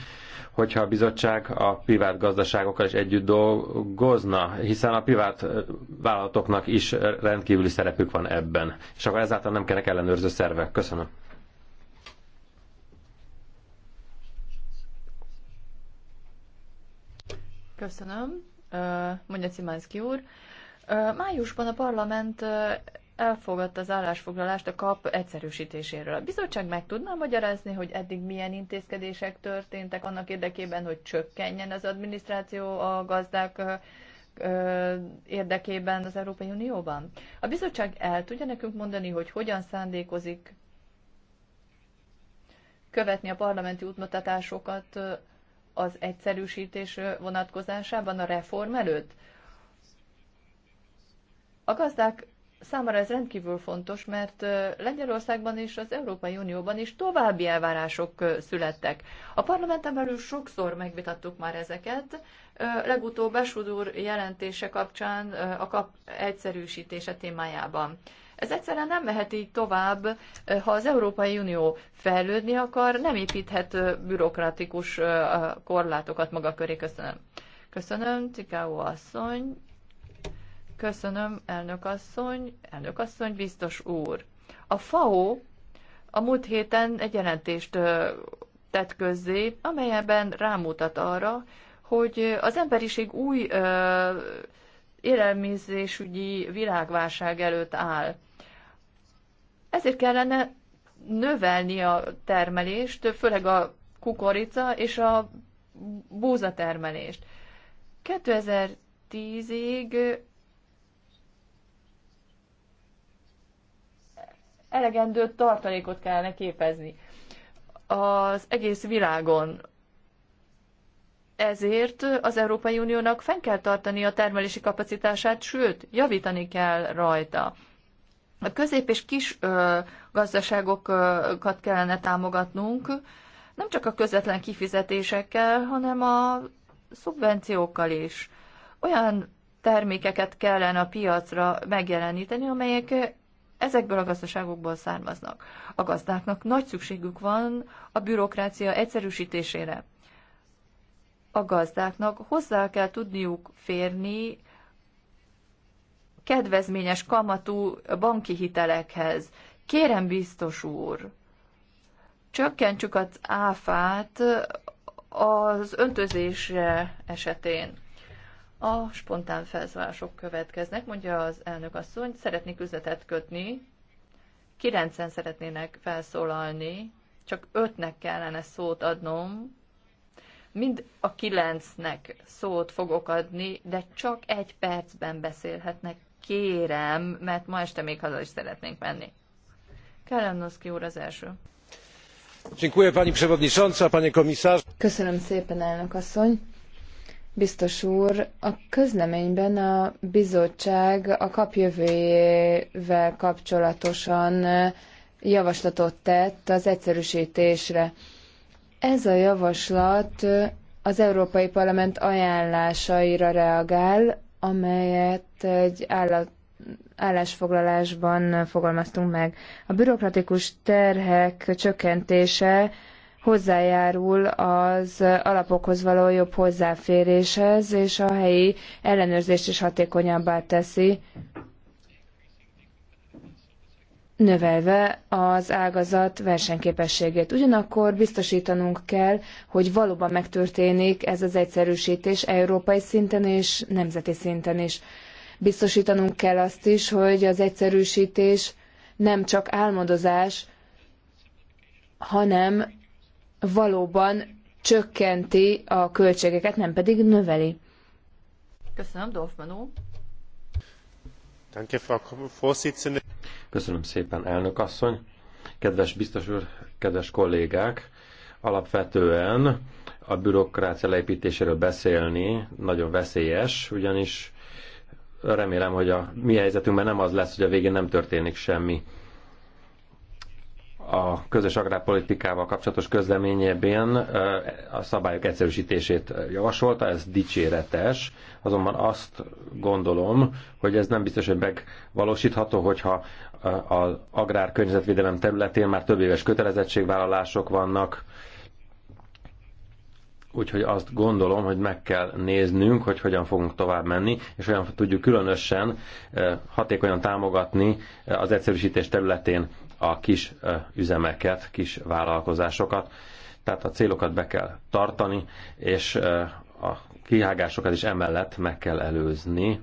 hogyha a bizottság a privát gazdaságokkal is együtt dolgozna, hiszen a privát vállalatoknak is rendkívüli szerepük van ebben. És akkor ezáltal nem kellene ellenőrző szervek. Köszönöm. Köszönöm, mondja Cimánszki úr. Májusban a parlament elfogadta az állásfoglalást a kap egyszerűsítéséről. A bizottság meg tudná magyarázni, hogy eddig milyen intézkedések történtek annak érdekében, hogy csökkenjen az adminisztráció a gazdák érdekében az Európai Unióban? A bizottság el tudja nekünk mondani, hogy hogyan szándékozik követni a parlamenti útmutatásokat az egyszerűsítés vonatkozásában a reform előtt? A gazdák Számára ez rendkívül fontos, mert Lengyelországban és az Európai Unióban is további elvárások születtek. A parlamenten belül sokszor megvitattuk már ezeket, legutóbb Esud jelentése kapcsán a kap egyszerűsítése témájában. Ez egyszerűen nem mehet így tovább, ha az Európai Unió fejlődni akar, nem építhet bürokratikus korlátokat maga köré. Köszönöm. Köszönöm, Cikáó asszony. Köszönöm, elnök asszony, elnök asszony, biztos úr. A FAO a múlt héten egy jelentést tett közzé, amelyben rámutat arra, hogy az emberiség új ö, világválság előtt áll. Ezért kellene növelni a termelést, főleg a kukorica és a búza termelést. 2010-ig elegendő tartalékot kellene képezni az egész világon. Ezért az Európai Uniónak fenn kell tartani a termelési kapacitását, sőt, javítani kell rajta. A közép és kis ö, gazdaságokat kellene támogatnunk, nem csak a közvetlen kifizetésekkel, hanem a szubvenciókkal is. Olyan termékeket kellene a piacra megjeleníteni, amelyek ezekből a gazdaságokból származnak. A gazdáknak nagy szükségük van a bürokrácia egyszerűsítésére. A gazdáknak hozzá kell tudniuk férni kedvezményes kamatú banki hitelekhez. Kérem, biztos úr, csökkentsük az áfát az öntözésre esetén. A spontán felszólások következnek, mondja az elnök asszony, szeretnék üzletet kötni, kilencen szeretnének felszólalni, csak ötnek kellene szót adnom, mind a kilencnek szót fogok adni, de csak egy percben beszélhetnek, kérem, mert ma este még haza is szeretnénk menni. Kalanowski úr az első. Dziękuję pani przewodnicząca, panie komisarz. Köszönöm szépen, elnök asszony. Biztos úr, a közleményben a bizottság a kap jövőjével kapcsolatosan javaslatot tett az egyszerűsítésre. Ez a javaslat az Európai Parlament ajánlásaira reagál, amelyet egy állat, állásfoglalásban fogalmaztunk meg. A bürokratikus terhek csökkentése hozzájárul az alapokhoz való jobb hozzáféréshez, és a helyi ellenőrzést is hatékonyabbá teszi, növelve az ágazat versenyképességét. Ugyanakkor biztosítanunk kell, hogy valóban megtörténik ez az egyszerűsítés európai szinten és nemzeti szinten is. Biztosítanunk kell azt is, hogy az egyszerűsítés nem csak álmodozás, hanem valóban csökkenti a költségeket, nem pedig növeli. Köszönöm, Dorfmanó. Köszönöm szépen, elnök asszony. Kedves biztos úr, kedves kollégák, alapvetően a bürokrácia leépítéséről beszélni nagyon veszélyes, ugyanis remélem, hogy a mi helyzetünkben nem az lesz, hogy a végén nem történik semmi a közös agrárpolitikával kapcsolatos közleményében a szabályok egyszerűsítését javasolta, ez dicséretes, azonban azt gondolom, hogy ez nem biztos, hogy megvalósítható, hogyha az agrárkörnyezetvédelem területén már több éves kötelezettségvállalások vannak, Úgyhogy azt gondolom, hogy meg kell néznünk, hogy hogyan fogunk tovább menni, és hogyan tudjuk különösen hatékonyan támogatni az egyszerűsítés területén a kis üzemeket, kis vállalkozásokat. Tehát a célokat be kell tartani, és a kihágásokat is emellett meg kell előzni,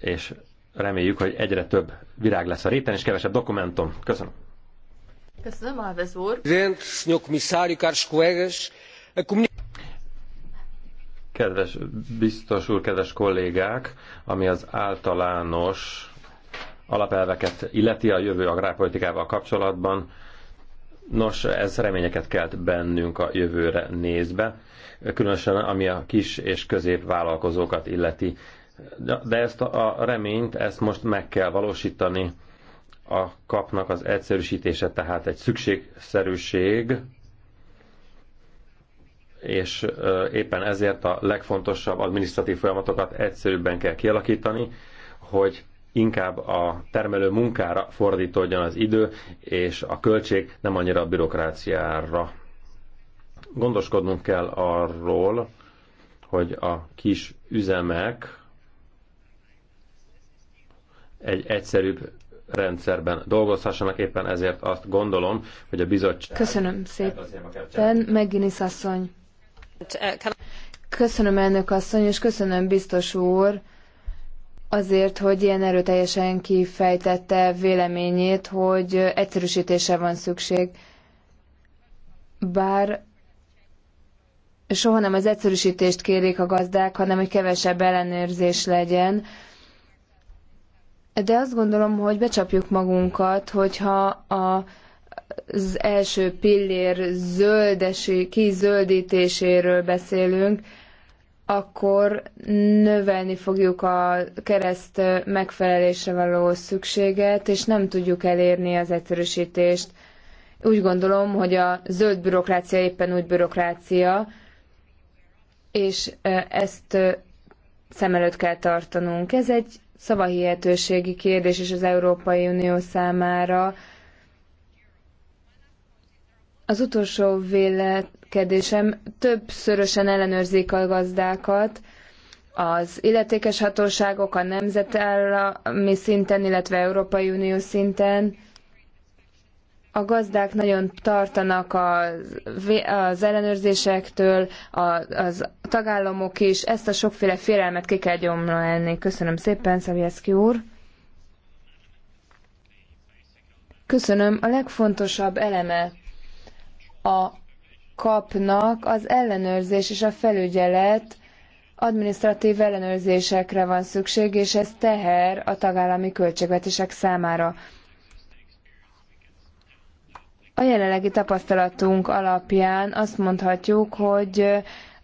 és reméljük, hogy egyre több virág lesz a réten, és kevesebb dokumentum. Köszönöm. Köszönöm, Alves úr. Kedves biztos úr, kedves kollégák, ami az általános alapelveket illeti a jövő agrárpolitikával kapcsolatban. Nos, ez reményeket kelt bennünk a jövőre nézve, különösen ami a kis és közép vállalkozókat illeti. De ezt a reményt, ezt most meg kell valósítani. A kapnak az egyszerűsítése tehát egy szükségszerűség, és éppen ezért a legfontosabb adminisztratív folyamatokat egyszerűbben kell kialakítani, hogy inkább a termelő munkára fordítódjon az idő, és a költség nem annyira a bürokráciára. Gondoskodnunk kell arról, hogy a kis üzemek egy egyszerűbb rendszerben dolgozhassanak, éppen ezért azt gondolom, hogy a bizottság... Köszönöm szépen, Megginis asszony. Köszönöm elnök asszony, és köszönöm biztos úr, azért, hogy ilyen erőteljesen kifejtette véleményét, hogy egyszerűsítése van szükség. Bár soha nem az egyszerűsítést kérik a gazdák, hanem hogy kevesebb ellenőrzés legyen. De azt gondolom, hogy becsapjuk magunkat, hogyha a, az első pillér zöldesi, kizöldítéséről beszélünk, akkor növelni fogjuk a kereszt megfelelésre való szükséget, és nem tudjuk elérni az egyszerűsítést. Úgy gondolom, hogy a zöld bürokrácia éppen úgy bürokrácia, és ezt szem előtt kell tartanunk. Ez egy szavahihetőségi kérdés is az Európai Unió számára, az utolsó vélekedésem többszörösen ellenőrzik a gazdákat, az illetékes hatóságok a nemzetállami szinten, illetve Európai Unió szinten. A gazdák nagyon tartanak az, az ellenőrzésektől, az tagállamok is. Ezt a sokféle félelmet ki kell gyomlálni. Köszönöm szépen, Szavjeszki úr. Köszönöm. A legfontosabb eleme a kapnak az ellenőrzés és a felügyelet administratív ellenőrzésekre van szükség, és ez teher a tagállami költségvetések számára. A jelenlegi tapasztalatunk alapján azt mondhatjuk, hogy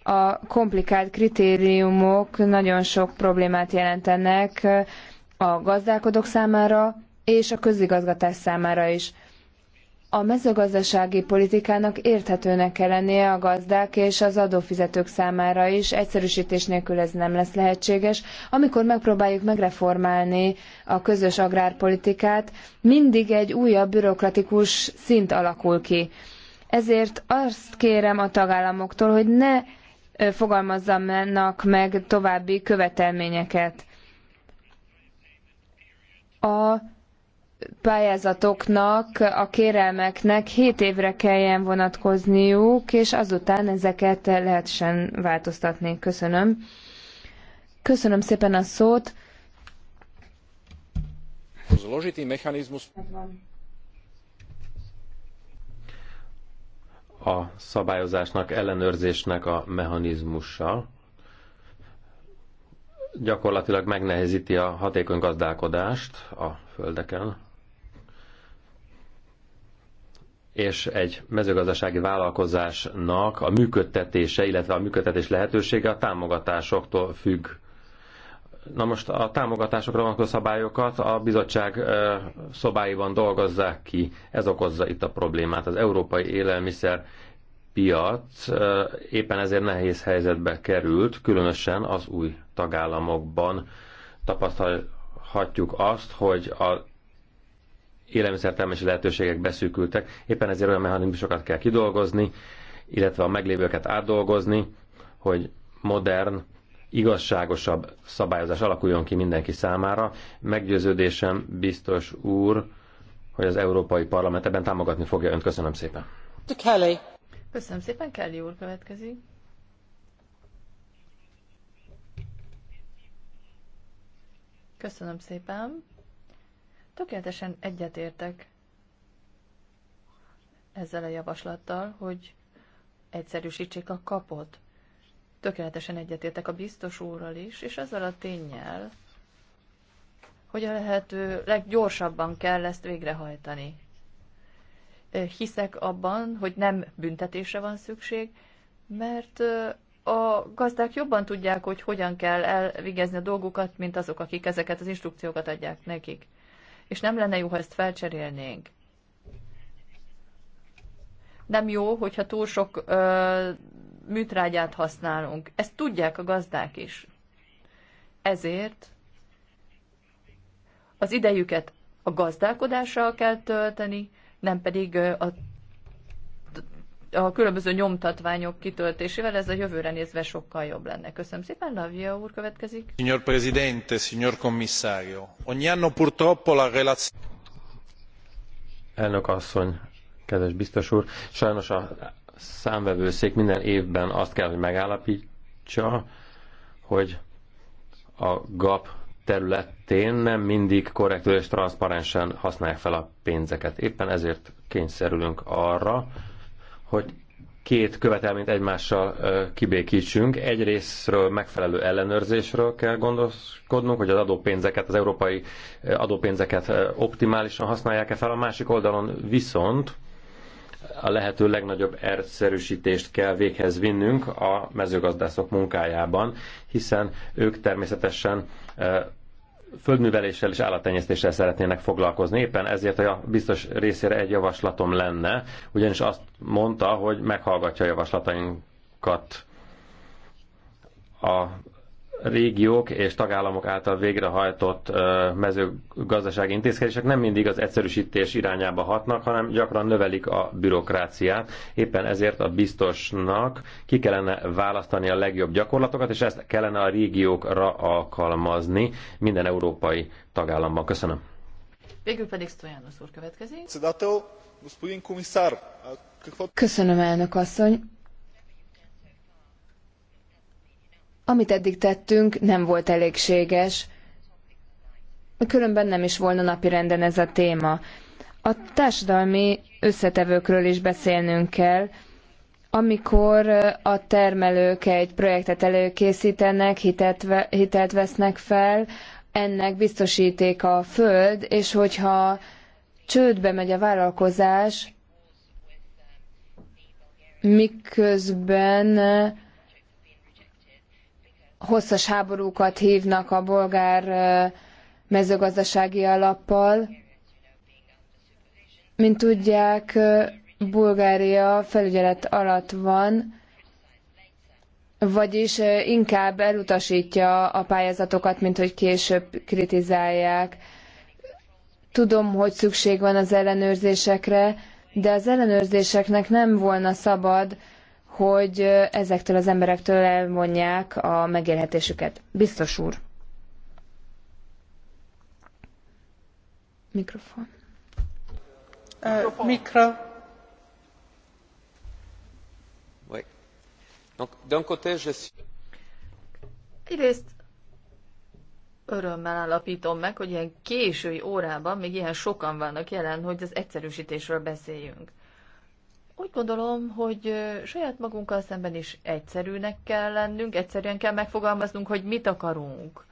a komplikált kritériumok nagyon sok problémát jelentenek a gazdálkodók számára és a közigazgatás számára is. A mezőgazdasági politikának érthetőnek kell lennie a gazdák és az adófizetők számára is, egyszerűsítés nélkül ez nem lesz lehetséges. Amikor megpróbáljuk megreformálni a közös agrárpolitikát, mindig egy újabb bürokratikus szint alakul ki. Ezért azt kérem a tagállamoktól, hogy ne fogalmazzanak meg további követelményeket. A pályázatoknak, a kérelmeknek 7 évre kelljen vonatkozniuk, és azután ezeket lehessen változtatni. Köszönöm. Köszönöm szépen a szót. Zložitý mechanizmus. A szabályozásnak, ellenőrzésnek a mechanizmusa gyakorlatilag megnehezíti a hatékony gazdálkodást a földeken, és egy mezőgazdasági vállalkozásnak a működtetése, illetve a működtetés lehetősége a támogatásoktól függ. Na most a támogatásokra vonatkozó szabályokat a bizottság szobáiban dolgozzák ki. Ez okozza itt a problémát. Az európai élelmiszer piac éppen ezért nehéz helyzetbe került, különösen az új tagállamokban tapasztalhatjuk azt, hogy a élelmiszertermési lehetőségek beszűkültek, éppen ezért olyan mechanizmusokat kell kidolgozni, illetve a meglévőket átdolgozni, hogy modern, igazságosabb szabályozás alakuljon ki mindenki számára. Meggyőződésem, biztos úr, hogy az Európai Parlament ebben támogatni fogja önt. Köszönöm szépen. Kelly. Köszönöm szépen, Kelly úr következik. Köszönöm szépen. Tökéletesen egyetértek ezzel a javaslattal, hogy egyszerűsítsék a kapot. Tökéletesen egyetértek a biztos úrral is, és azzal a tényel, hogy a lehető leggyorsabban kell ezt végrehajtani. Hiszek abban, hogy nem büntetésre van szükség, mert a gazdák jobban tudják, hogy hogyan kell elvégezni a dolgukat, mint azok, akik ezeket az instrukciókat adják nekik és nem lenne jó, ha ezt felcserélnénk. Nem jó, hogyha túl sok ö, műtrágyát használunk. Ezt tudják a gazdák is. Ezért az idejüket a gazdálkodással kell tölteni, nem pedig a a különböző nyomtatványok kitöltésével, ez a jövőre nézve sokkal jobb lenne. Köszönöm szépen, Lavia úr következik. Signor Presidente, signor Commissario, ogni anno purtroppo la relazione... Elnök asszony, kedves biztos úr, sajnos a számvevőszék minden évben azt kell, hogy megállapítsa, hogy a GAP területén nem mindig korrektül és transzparensen használják fel a pénzeket. Éppen ezért kényszerülünk arra, hogy két követelményt egymással kibékítsünk. Egyrésztről megfelelő ellenőrzésről kell gondoskodnunk, hogy az adópénzeket, az európai adópénzeket optimálisan használják-e fel. A másik oldalon viszont a lehető legnagyobb erszerűsítést kell véghez vinnünk a mezőgazdászok munkájában, hiszen ők természetesen földműveléssel és állattenyésztéssel szeretnének foglalkozni. Éppen ezért a biztos részére egy javaslatom lenne, ugyanis azt mondta, hogy meghallgatja a javaslatainkat a régiók és tagállamok által végrehajtott mezőgazdasági intézkedések nem mindig az egyszerűsítés irányába hatnak, hanem gyakran növelik a bürokráciát. Éppen ezért a biztosnak ki kellene választani a legjobb gyakorlatokat, és ezt kellene a régiókra alkalmazni minden európai tagállamban. Köszönöm. Végül pedig Stojános úr következik. Köszönöm, elnök asszony. Amit eddig tettünk, nem volt elégséges, különben nem is volna napirenden ez a téma. A társadalmi összetevőkről is beszélnünk kell, amikor a termelők egy projektet előkészítenek, hitelt, hitelt vesznek fel, ennek biztosíték a föld, és hogyha csődbe megy a vállalkozás, miközben hosszas háborúkat hívnak a bolgár mezőgazdasági alappal. Mint tudják, Bulgária felügyelet alatt van, vagyis inkább elutasítja a pályázatokat, mint hogy később kritizálják. Tudom, hogy szükség van az ellenőrzésekre, de az ellenőrzéseknek nem volna szabad hogy ezektől az emberektől elmondják a megélhetésüket. Biztos úr. Mikrofon. Mikrofon. Mikro. d'un côté, je Egyrészt örömmel állapítom meg, hogy ilyen késői órában még ilyen sokan vannak jelen, hogy az egyszerűsítésről beszéljünk. Úgy gondolom, hogy saját magunkkal szemben is egyszerűnek kell lennünk, egyszerűen kell megfogalmaznunk, hogy mit akarunk.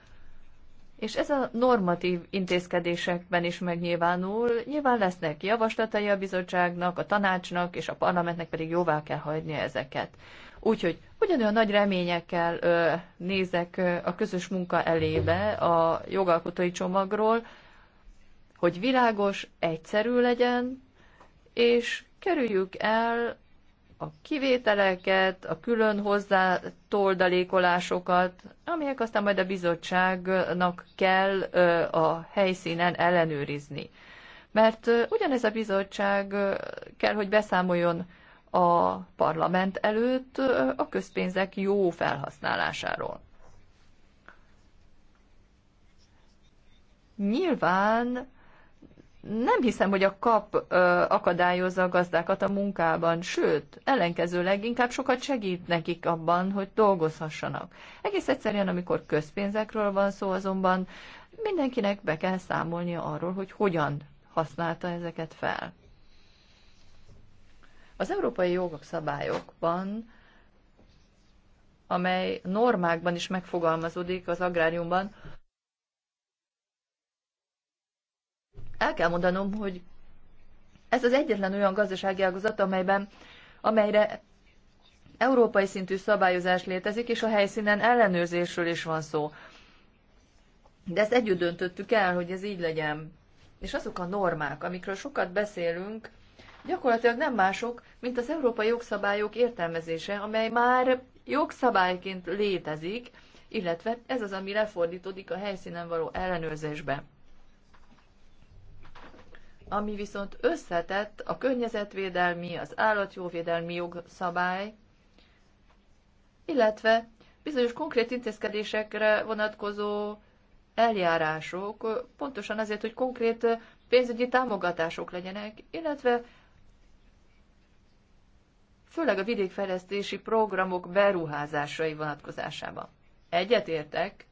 És ez a normatív intézkedésekben is megnyilvánul. Nyilván lesznek javaslatai a bizottságnak, a tanácsnak, és a parlamentnek pedig jóvá kell hagyni ezeket. Úgyhogy ugyanolyan nagy reményekkel ö, nézek ö, a közös munka elébe a jogalkotói csomagról, hogy világos, egyszerű legyen, és kerüljük el a kivételeket, a külön hozzá toldalékolásokat, amelyek aztán majd a bizottságnak kell a helyszínen ellenőrizni. Mert ugyanez a bizottság kell, hogy beszámoljon a parlament előtt a közpénzek jó felhasználásáról. Nyilván nem hiszem, hogy a kap ö, akadályozza a gazdákat a munkában, sőt, ellenkezőleg inkább sokat segít nekik abban, hogy dolgozhassanak. Egész egyszerűen, amikor közpénzekről van szó, azonban mindenkinek be kell számolnia arról, hogy hogyan használta ezeket fel. Az európai jogok szabályokban, amely normákban is megfogalmazódik az agráriumban, el kell mondanom, hogy ez az egyetlen olyan gazdasági ágazat, amelyben, amelyre európai szintű szabályozás létezik, és a helyszínen ellenőrzésről is van szó. De ezt együtt döntöttük el, hogy ez így legyen. És azok a normák, amikről sokat beszélünk, gyakorlatilag nem mások, mint az európai jogszabályok értelmezése, amely már jogszabályként létezik, illetve ez az, ami lefordítódik a helyszínen való ellenőrzésbe ami viszont összetett a környezetvédelmi, az állatjóvédelmi jogszabály, illetve bizonyos konkrét intézkedésekre vonatkozó eljárások, pontosan azért, hogy konkrét pénzügyi támogatások legyenek, illetve főleg a vidékfejlesztési programok beruházásai vonatkozásában. Egyetértek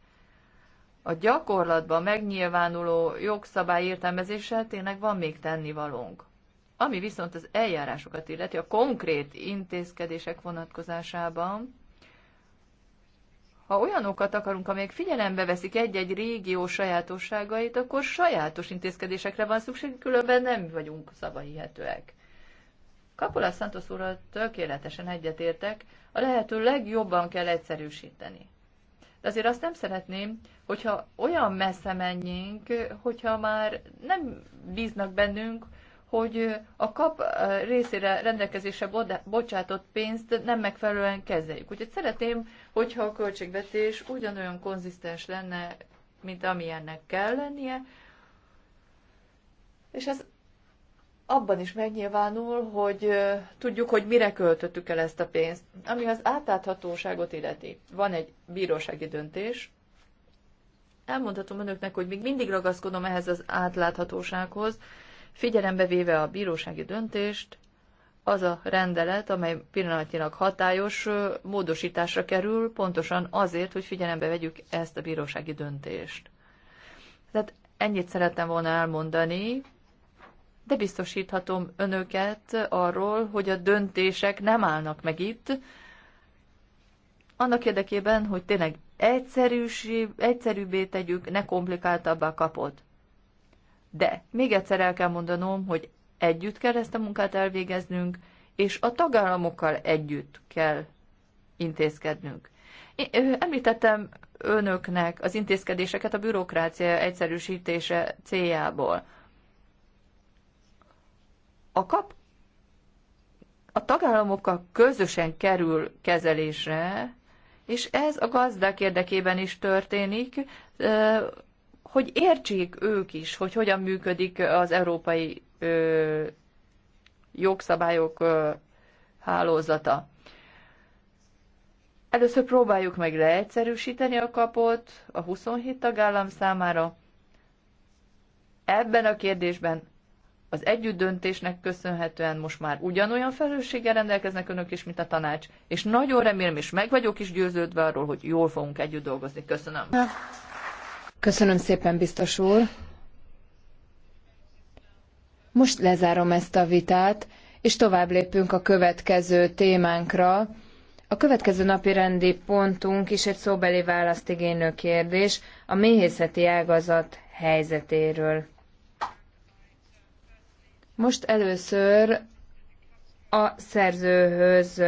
a gyakorlatban megnyilvánuló jogszabály értelmezéssel tényleg van még tennivalónk. Ami viszont az eljárásokat illeti, a konkrét intézkedések vonatkozásában, ha olyanokat akarunk, amelyek figyelembe veszik egy-egy régió sajátosságait, akkor sajátos intézkedésekre van szükség, különben nem vagyunk szavahihetőek. Kapola Santos úrral tökéletesen egyetértek, a lehető legjobban kell egyszerűsíteni. De azért azt nem szeretném, hogyha olyan messze menjünk, hogyha már nem bíznak bennünk, hogy a kap eh, részére rendelkezésre bocsátott pénzt nem megfelelően kezeljük. Úgyhogy szeretném, hogyha a költségvetés ugyanolyan konzisztens lenne, mint amilyennek kell lennie, és ez abban is megnyilvánul, hogy tudjuk, hogy mire költöttük el ezt a pénzt. Ami az átláthatóságot illeti. Van egy bírósági döntés. Elmondhatom önöknek, hogy még mindig ragaszkodom ehhez az átláthatósághoz, figyelembe véve a bírósági döntést, az a rendelet, amely pillanatnyilag hatályos, módosításra kerül, pontosan azért, hogy figyelembe vegyük ezt a bírósági döntést. Tehát ennyit szerettem volna elmondani, de biztosíthatom önöket arról, hogy a döntések nem állnak meg itt, annak érdekében, hogy tényleg egyszerűbbé tegyük, ne komplikáltabbá kapod. De még egyszer el kell mondanom, hogy együtt kell ezt a munkát elvégeznünk, és a tagállamokkal együtt kell intézkednünk. É, említettem önöknek az intézkedéseket a bürokrácia egyszerűsítése céljából a kap a tagállamokkal közösen kerül kezelésre, és ez a gazdák érdekében is történik, hogy értsék ők is, hogy hogyan működik az európai jogszabályok hálózata. Először próbáljuk meg leegyszerűsíteni a kapot a 27 tagállam számára. Ebben a kérdésben az együtt döntésnek köszönhetően most már ugyanolyan felelősséggel rendelkeznek önök is, mint a tanács, és nagyon remélem, és meg vagyok is győződve arról, hogy jól fogunk együtt dolgozni. Köszönöm. Köszönöm szépen, biztos úr. Most lezárom ezt a vitát, és tovább lépünk a következő témánkra. A következő napi rendi pontunk is egy szóbeli választ igénylő kérdés a méhészeti ágazat helyzetéről. Most először a szerzőhöz